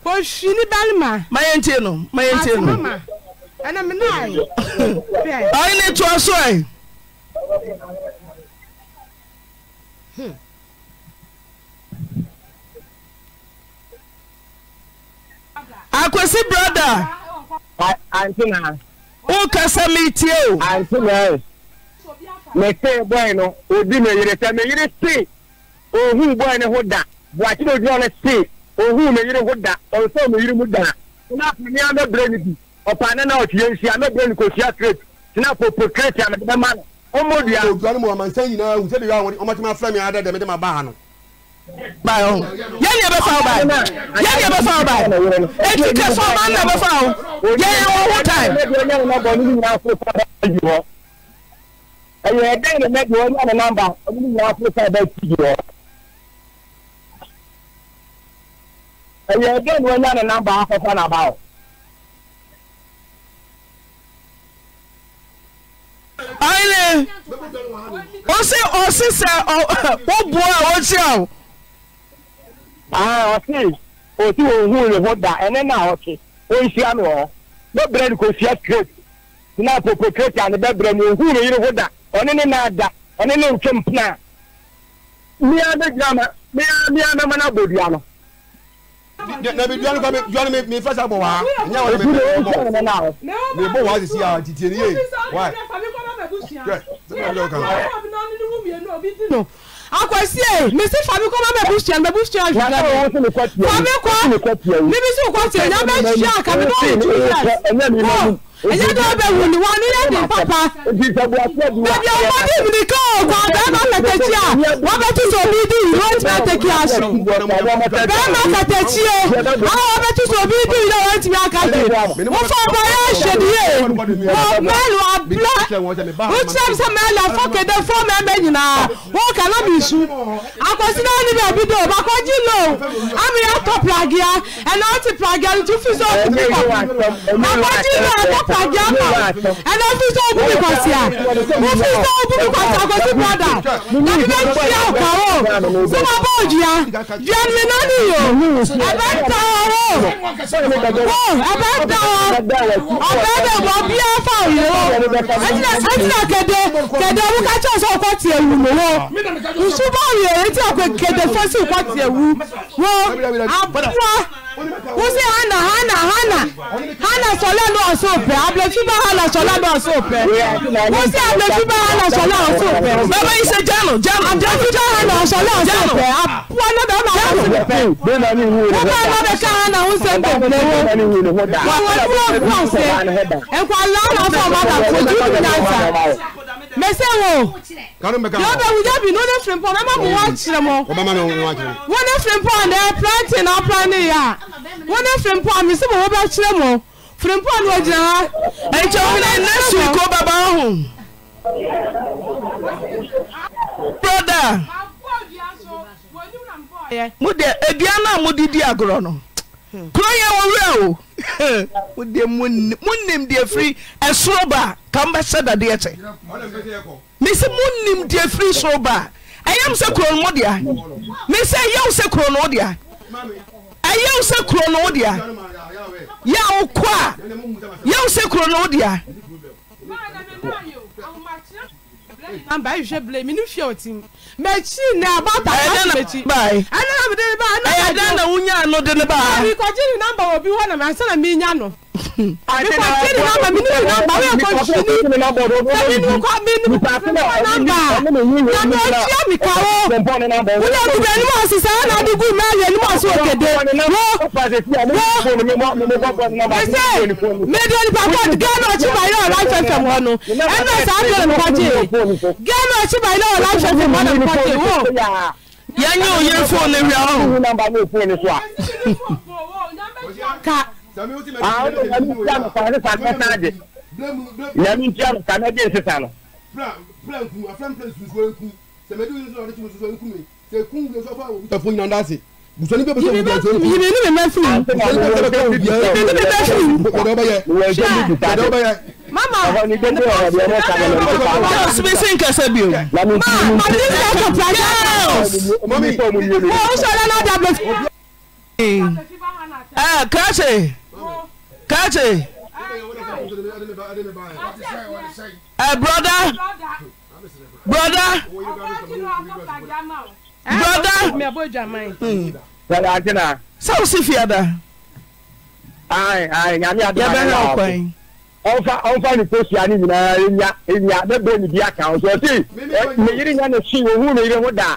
o ɔhwini bɛlema mayɛ ntie no mayɛ ntie no ɔne toa so ɛ akwasi brother wokasa metie o mete boy no odi me yire sɛ me ohu boy ne ho da na odi ɔne ohu me yire ho da ɔnsɛn me mu da na amebere ne bi na nsia amebere ne tena popo a mede bɛma no ɔmmɔ dua. mu nyinaa ohun sɛde yɛ ɔmɔ tí ma fila mi ma no. ni ẹ bẹ fa ọ báyìí yẹ́n ni ẹ bẹ fa ọ báyìí etí kẹsàn-án máa ẹ̀yẹ ẹ̀dá ìrìn mẹ́jọ wọ́n yá ní nọ́mbà ọdún yìí wọ́n fún sábà tì yìí wọ́n. ẹ̀yẹ ẹ̀dá ìrìn wọ́n yá ní nọ́mbà afọ́fọ́ nàbà ọ̀. ayile ọsẹ ọsẹ sẹ ọ bu a ọsẹ a. aa ọsẹ òtí òhun rẹ̀ hó da ẹ̀nẹ́ náà ọ̀kẹ́ ó ń ṣe àmì wọ̀ ọ́ lọ́bìrẹ́ ni kò ṣe é kírètì náà pòpò kírètì àni bẹ́ẹ̀ bẹ̀rẹ̀ ni òhun rẹ̀ yìí hó da. On est naada ɔne ne a mmea bɛgyina ma mmea mmea bɛma no abɔ dua no dabi dua fa mi dua no mi fɛsɛ bɔ wa n yà wà bɔ bɔ a titi ni ye wa. akwasie fami kɔ ma bɛ busua bɛ me jula fami kɔ ẹ̀yẹ́ dẹ́ ọbẹ̀ wò ni wọn nílẹ̀ ní pápá bẹ̀bí ọmọ ní ìbìrì kan ọ̀gbà bẹ́ẹ̀mà kẹtẹ̀kí à wọ́n bẹ tún sọ bíi dùn ìwé tí wọ́n tẹ̀kí àṣù bẹ́ẹ̀mà kẹtẹ̀kí o àwọn bẹ tún sọ bíi dùn ìwé tí wọ́n kájì fọ ọba yẹn ṣèdíyẹ wọ́n mẹ́lù abúlé wọ́n ti sẹ́mi sẹ́mi fọ́kẹ́dẹ́ fọ́ mẹ́mẹ́ nyinaa wọ́n kà pàjẹ́ mọ̀ ẹni ọ́fíìsì ọ̀bùn mi kọ̀ sí à ọ́fíìsì ọ̀bùn mi kọ̀ sí à kò sí bẹ́ẹ̀ ti yá ọ̀kà o sí ma bọ́ òjìyà di ẹni náà nìyó ẹ̀bẹ̀ ń ta ọ̀rọ̀ o ẹ̀bẹ̀ ń ta ọ̀ ọ̀bẹ̀ ẹ̀bẹ̀ bọ̀ bí ẹ fà òyìnbó ẹ̀dínà kẹ̀dẹ̀ kẹ̀dẹ̀ ọ̀hún kájọ́ sọ ọkọ̀ tiẹ̀ wù lọ́wọ́ ìṣubọ̀ òyìnbó kẹ̀dẹ̀ fẹ́ sí ọkọ̀ tiẹ̀ wù wọ́n àbúrò wusi hana hana hana hana sọlẹ ní ọsùn òpè abẹfibà hana sọlẹ ní ọsùn òpè wusi abẹfibà hana sọlẹ ọsùn òpè. bẹ́ẹ̀ yìí ṣe jẹ́nu jẹ́nu abẹfibà hana sọlẹ ọsùn òpè wọn náà bẹ́ẹ̀ máa wọ́n sílẹ̀ pẹ́. bẹ́ẹ̀ náà ni ìwé rẹ̀ wọ́n bá bẹ́ẹ̀ ká hana ń ṣe bẹ́ẹ̀ pẹ́ wọ́n. wọ́n wọ́n dúró nǹkan ṣe ẹ̀kọ́ aláwọ̀ fọ́ọ̀mù mese wo yɛwobɛ wogya bi no ne firi mpɔ mɛma mo wɔ kyerɛ mɔ wo ne firi mpɔ ne prante na ɔpra ne yɛ a wo ne firi mpɔ mese mo wobɛkyerɛ mɔ firi mpɔ ne ɔgyina ha ɛnkyɛ wo ne nna suiko baba ho broda mo deɛ adua no a modedi agorɔ no kuro yɛ wɔwerɛ o wode monim deɛ firi ɛsoro ba ka mbɛhyɛ dadeɛ kyɛ mesɛ monim deɛ firi soro ba ɛyɛm sɛ kuro no modea mesɛ ɛyɛwo sɛ kuro no wodea ɛyɛwo sɛ kuro no wodea yɛ wo kɔ a yɛwo sɛ kuro no wodea be wiswe blame ene fia otim meki ne abata enenamedene baedena woyano denebaecojine numbe obihonam ansa na menya no nipa ti ni namba mi ni ni namba o yẹ ko si ni sẹbi ni nkọ mi ni nkọ namba namba ọtí ẹmi ka o wúlò ẹbi bẹ ẹni mọ ọsísẹ ẹ náà dìgún mẹ ẹyẹ ẹni mọ ọsí òkèdè wọ wọ ẹsẹ mẹdìẹ nípa bọọdù gẹẹmẹ ọtí báyìí náà láì fẹfẹ mọ nù ẹnu ẹsẹ àbí ọ̀nà pàjẹ gẹẹmẹ ọtí báyìí náà láì fẹfẹ mọ nù pàjẹ wọ. yẹn yóò yẹ fóònù rẹ ọrùn. ká ahụhụ na ndị ntị anụkwa ndị sa nkata adị na ndị ntị anụkwa na ndị nsịsa nọ. musoni bɛ bɛ se ka wuli yibi ne bɛ mɛn fi yen musoni bɛ bɛ se ka wuli yibi ne bɛ mɛn fi yen kɔdɔ bɛ yɛ kɔdɔ bɛ yɛ. mama girls bɛ sin kɛsɛ bi o ma ma ti sɛ ka pa girls mami mo n sɔrɔ n'a dabila. ɛɛ kirasi kaakye ẹ broda broda broda sáwọ sí fìyàdá. yàbẹ ní ọkàn ọnfa ọnfa ni fosi ani nyinaa enya enya ne bẹ ni bi aka ọsọ ti meyiri nya ne si owu meyiri ho daa.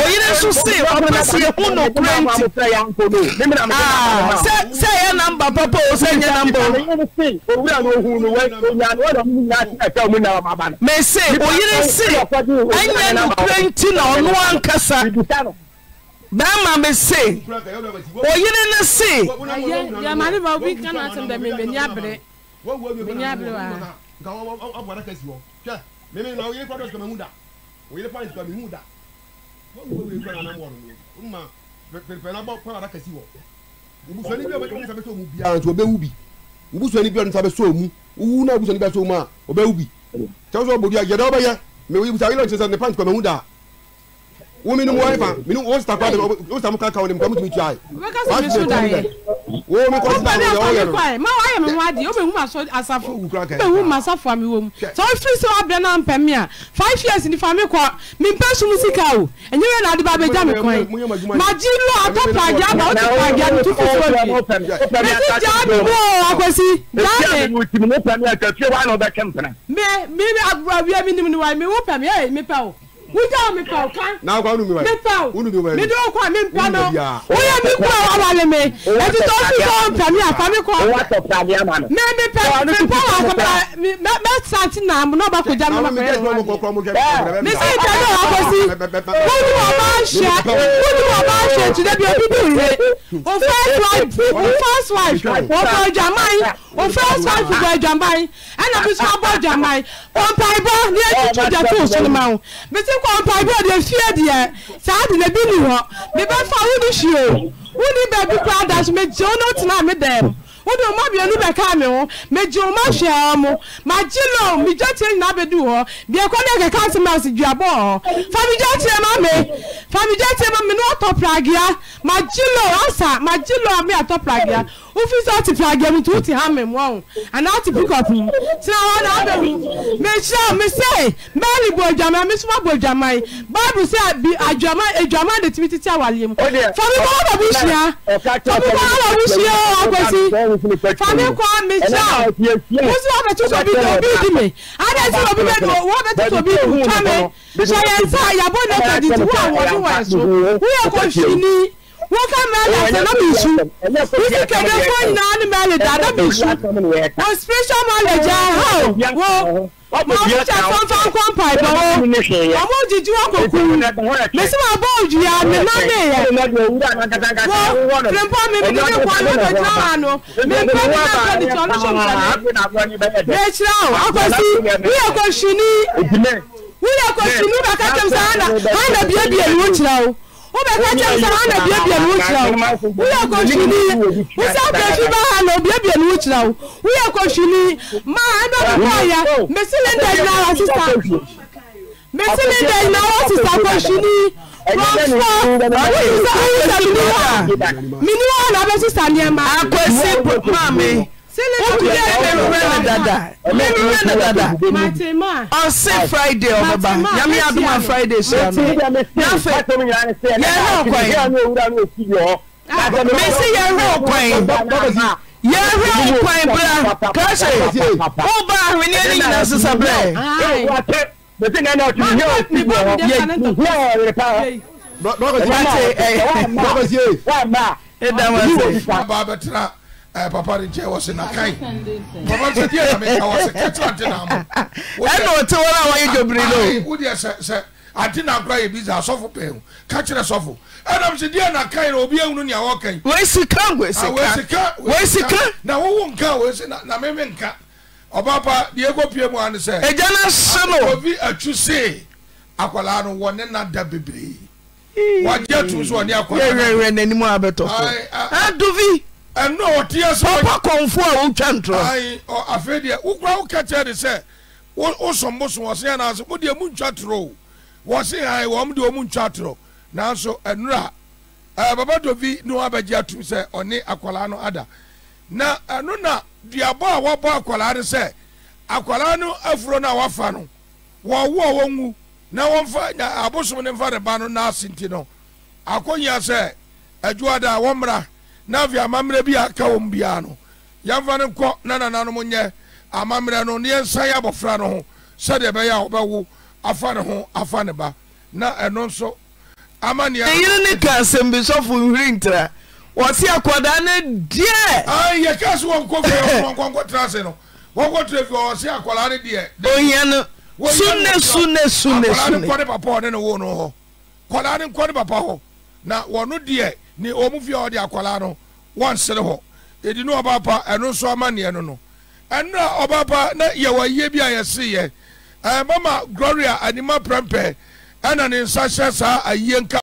oyere nso se ɔmena se yɛhu no kora nti sɛ ɛyɛ namba papa o sɛ nyɛ namba mese oyere se ɛnyɛ no kora nti na ɔno ankasa bẹẹma mi se oyiri ni ni abiri mi na oyiri kwadọ sọmọ ehun da oyiri kwadọ sọmọ ehun da obusani bi ọmọ sábẹ sọ mu owu náà obusani bi ọmọ sọ mu a ọbẹ wu bi tẹwọn sọ ọbẹ yẹ mẹ ibusa ayélujára ṣẹṣẹ nípa ntukọ mẹhun dáa wo mi e. ni wo ayifa mi ni wo sita kura de o sita mu kan kan o de mu kan mu tun bi tia ye. o bɛ ka sɛmɛ su da yɛ. wo mi kɔ sita mu yɛ o yɛrɛ. ma wa yɛ mi wa di o bɛ n ma sɔ asafo o bɛ n ma safo mi wo mu sɔ o fi se wa bɛn n'an pɛ mi a five years ni fami kɔ mi n pɛ sumu si ka o ɛnyɛ bɛ n'adi ba bɛ ja mi kɔn ye ma ji lɔ a tɔ pa ja ma o ti pa ja mi tu fi so bi mɛ ti ja mi bɔ akwesi ja mi. mi mi abubuwa wiye mi nimu ni wa mi wo pɛ mi ɛ mi pɛ o wúdà mi pa ọ̀ká. náà kọ́ ọ́nù mi wáyé. mi pa ọ̀ ọ́nù mi wáyé. mi dúró kọ́ mi ń pa náà. wọ́n yẹ mi kúrò wà wàlẹ̀ mi. ètò tó ń sọ ọ̀pẹ̀ mi àfàmì kọ́. o wa sọ pàdé àmà nù. mi mi pẹ mi pọ wà kọpẹ mi mẹ santi nà mú n'ọba kò já mi lọkọ yẹn wà. mi sẹ ìjà náà wà kọsí. wúdù wà bá ń ṣe wúdù wà bá ń ṣe tìde bí ojú dùn rè. o first wife o first wife o fẹ ọjà máyì o first wife o fẹ ọjà máyì ẹnna mi sọ abọ́ ọjà máyì pọ̀npọ̀ ìbọn ní ẹ̀jú tó jẹ́ tó sọ́nù máa ń. mi sẹ́ wokɔ mpaebɔ deɛ fie deɛ saa de na bi ni hɔ mebɛfa wo ne hwie o wo ne baabi koraa da so megye wo ne wotena me dɛm wode wo ma bianu bɛka me ho megye wo ma hwɛ hɔ mo magye no megya tie nyinaa bɛdu hɔ deɛ kɔ ne kɛka nsɛm ase duabɔ hɔ fa megya tie ma me fa megya tie ma me ne wɔtɔ pragea magye no asa magye no me atɔ pragea wofi sɛ ɔte paagya mu nti wote ha mɛmoa wo anaa wote pikɔp mu tena hɔ na wobɛ mu mehyɛ me sɛ mary bɔ adwaman me soma bɔ adwaman bible sɛ adwaman adwaman de tumi tete awaleɛ mu fa me kɔ wabɔ bo hyia fa me kɔ wabɔ bo hyia ɔkɔsi fa me kɔ mehyɛ wo sɛ wabɛto sɛ obi de obi di me adɛ sɛ obi bɛ wabɛto sɛ obi di me twa me hyɛ yɛn sɛ yɛabɔ ne kadi nti wo a wɔne wɔ ɛso woyɛ kɔhwini wọn fẹ mẹlẹ ẹsẹ náà mi su bísí kẹdẹ fún nyinaa ni mẹlẹ dá náà mi su wọn spiritual knowledge ẹ hàn wọn mọ ọmọ jẹ fanfan kọmpa ẹbẹ wọn ọmọ jìjì wọn kò kú mẹsì máa bọ òjì ya mi náà mi yẹ wọn pèmpọ mi mi ní kọ́ ní ọdún náà wà nù mi pè mí náà kọ́ ní tọ́ ní sọ̀rọ̀ mi ekyirá o akọ̀sí wíyẹ kò sí ní wíyẹ kò sí ní bàkàtà mi sáà hàn dà bíẹ́bíẹ́ ni wọ́n kyerá o wobɛka kyɛm sɛ ana biabia no wo kyerɛ wo woyɛ kɔhwini wo sɛ wobɛhwi ba ha na obiabia no wo kyerɛ wo woyɛ kɔhwini ma ɛbɛ bobɔɔyɛ mesilenda nyina wɔ sesa mesilenda nyina wɔ sesa kɔhwini frɔmfɔ woyɛ sɛ mini hɔ a mini hɔ na wobɛsesa nneɛma akɔsi maame ọsẹ friday ọmọba yàmi aduma friday ṣe àmì yàfẹ yẹrẹ ọkàn yìí mẹsì yẹrẹ ọkàn yìí yẹrẹ ọkàn bla kẹsẹ ó bá ahùn ní ẹni nyina sísá bẹẹ. Dɔgɔsi ye. Dɔgɔsi ye. Wa ma. E da wa se. Ba bɛ tila. Eh, papa de nkyɛn wɔsi na kan papa de diɛ na ka wɔsi kɛtɛ ante na ama ɛna ɔte wɔn jobiri na akora yɛ bi za asɔfo pɛn o kakyerɛ sɔfo mi sɛ diɛ na kan na obi ehunu nea wɔkɛn wɔyɛ sika wɔyɛ na wowu nka wɔyɛ si na mɛmi nka ɔbaapa deɛ ko pie mu ani sɛ ɛgya na se no obi atu se akwaraa no wɔ ne na bebree wagye tu so wɔ ne akwaraa no yɛ wɛwɛ n'anim abɛtɔ so aduvi. ɛnɔɔteɛsɛpapa kɔnfo a wotwa ntorɔ afei deɛ wokora woka kyɛ de sɛ wosomboso wɔ se anaasɛ modeɛ mu ntwa torɔ o wɔ se ae wɔm deɛ ɔmu ntwa torɔ nanso ɛnora a baba dɔbi ne wabɛgye atom sɛ ɔne akwalaa no ada na ɛno na duabɔ a wɔbɔ akwaraa ne sɛ akwalaa no afuro no a wɔafa no wɔwoa wɔnwu na wɔmfa abosom ne mfa ne ba no naase nti no akɔnyia sɛ adwuada a wɔmmra na afe amammerɛ bi a ka wɔmbiaa no yɛfa ne nkɔ na nana nom yɛ amammerɛ no ne yɛansa yɛ abɔfra no ho sɛdeɛ bɛyɛ bɛwo afa ne ho afa ne ba na ɛno nso aaeene ka sɛmbisɔfo nir ntra ɔse akɔda ne ɛɛɛ s ktrase no ɔse akɔa nedeɛkɔ ne papa ɔnene nhɔ kɔa ne nkɔ ne papa hɔ na ɔno deɛ Ni wɔn fie a wɔde akwadaa no wɔnsere hɔ edi no ɔbaa pa ɛno nso ama neɛ no no ɛno a ɔbaa pa na yɛwɔ yie bi a yɛsi yɛ ɛɛ eh, mama gloria anima pɛmpɛ ɛna ne nsa hyɛ saa ayie nka.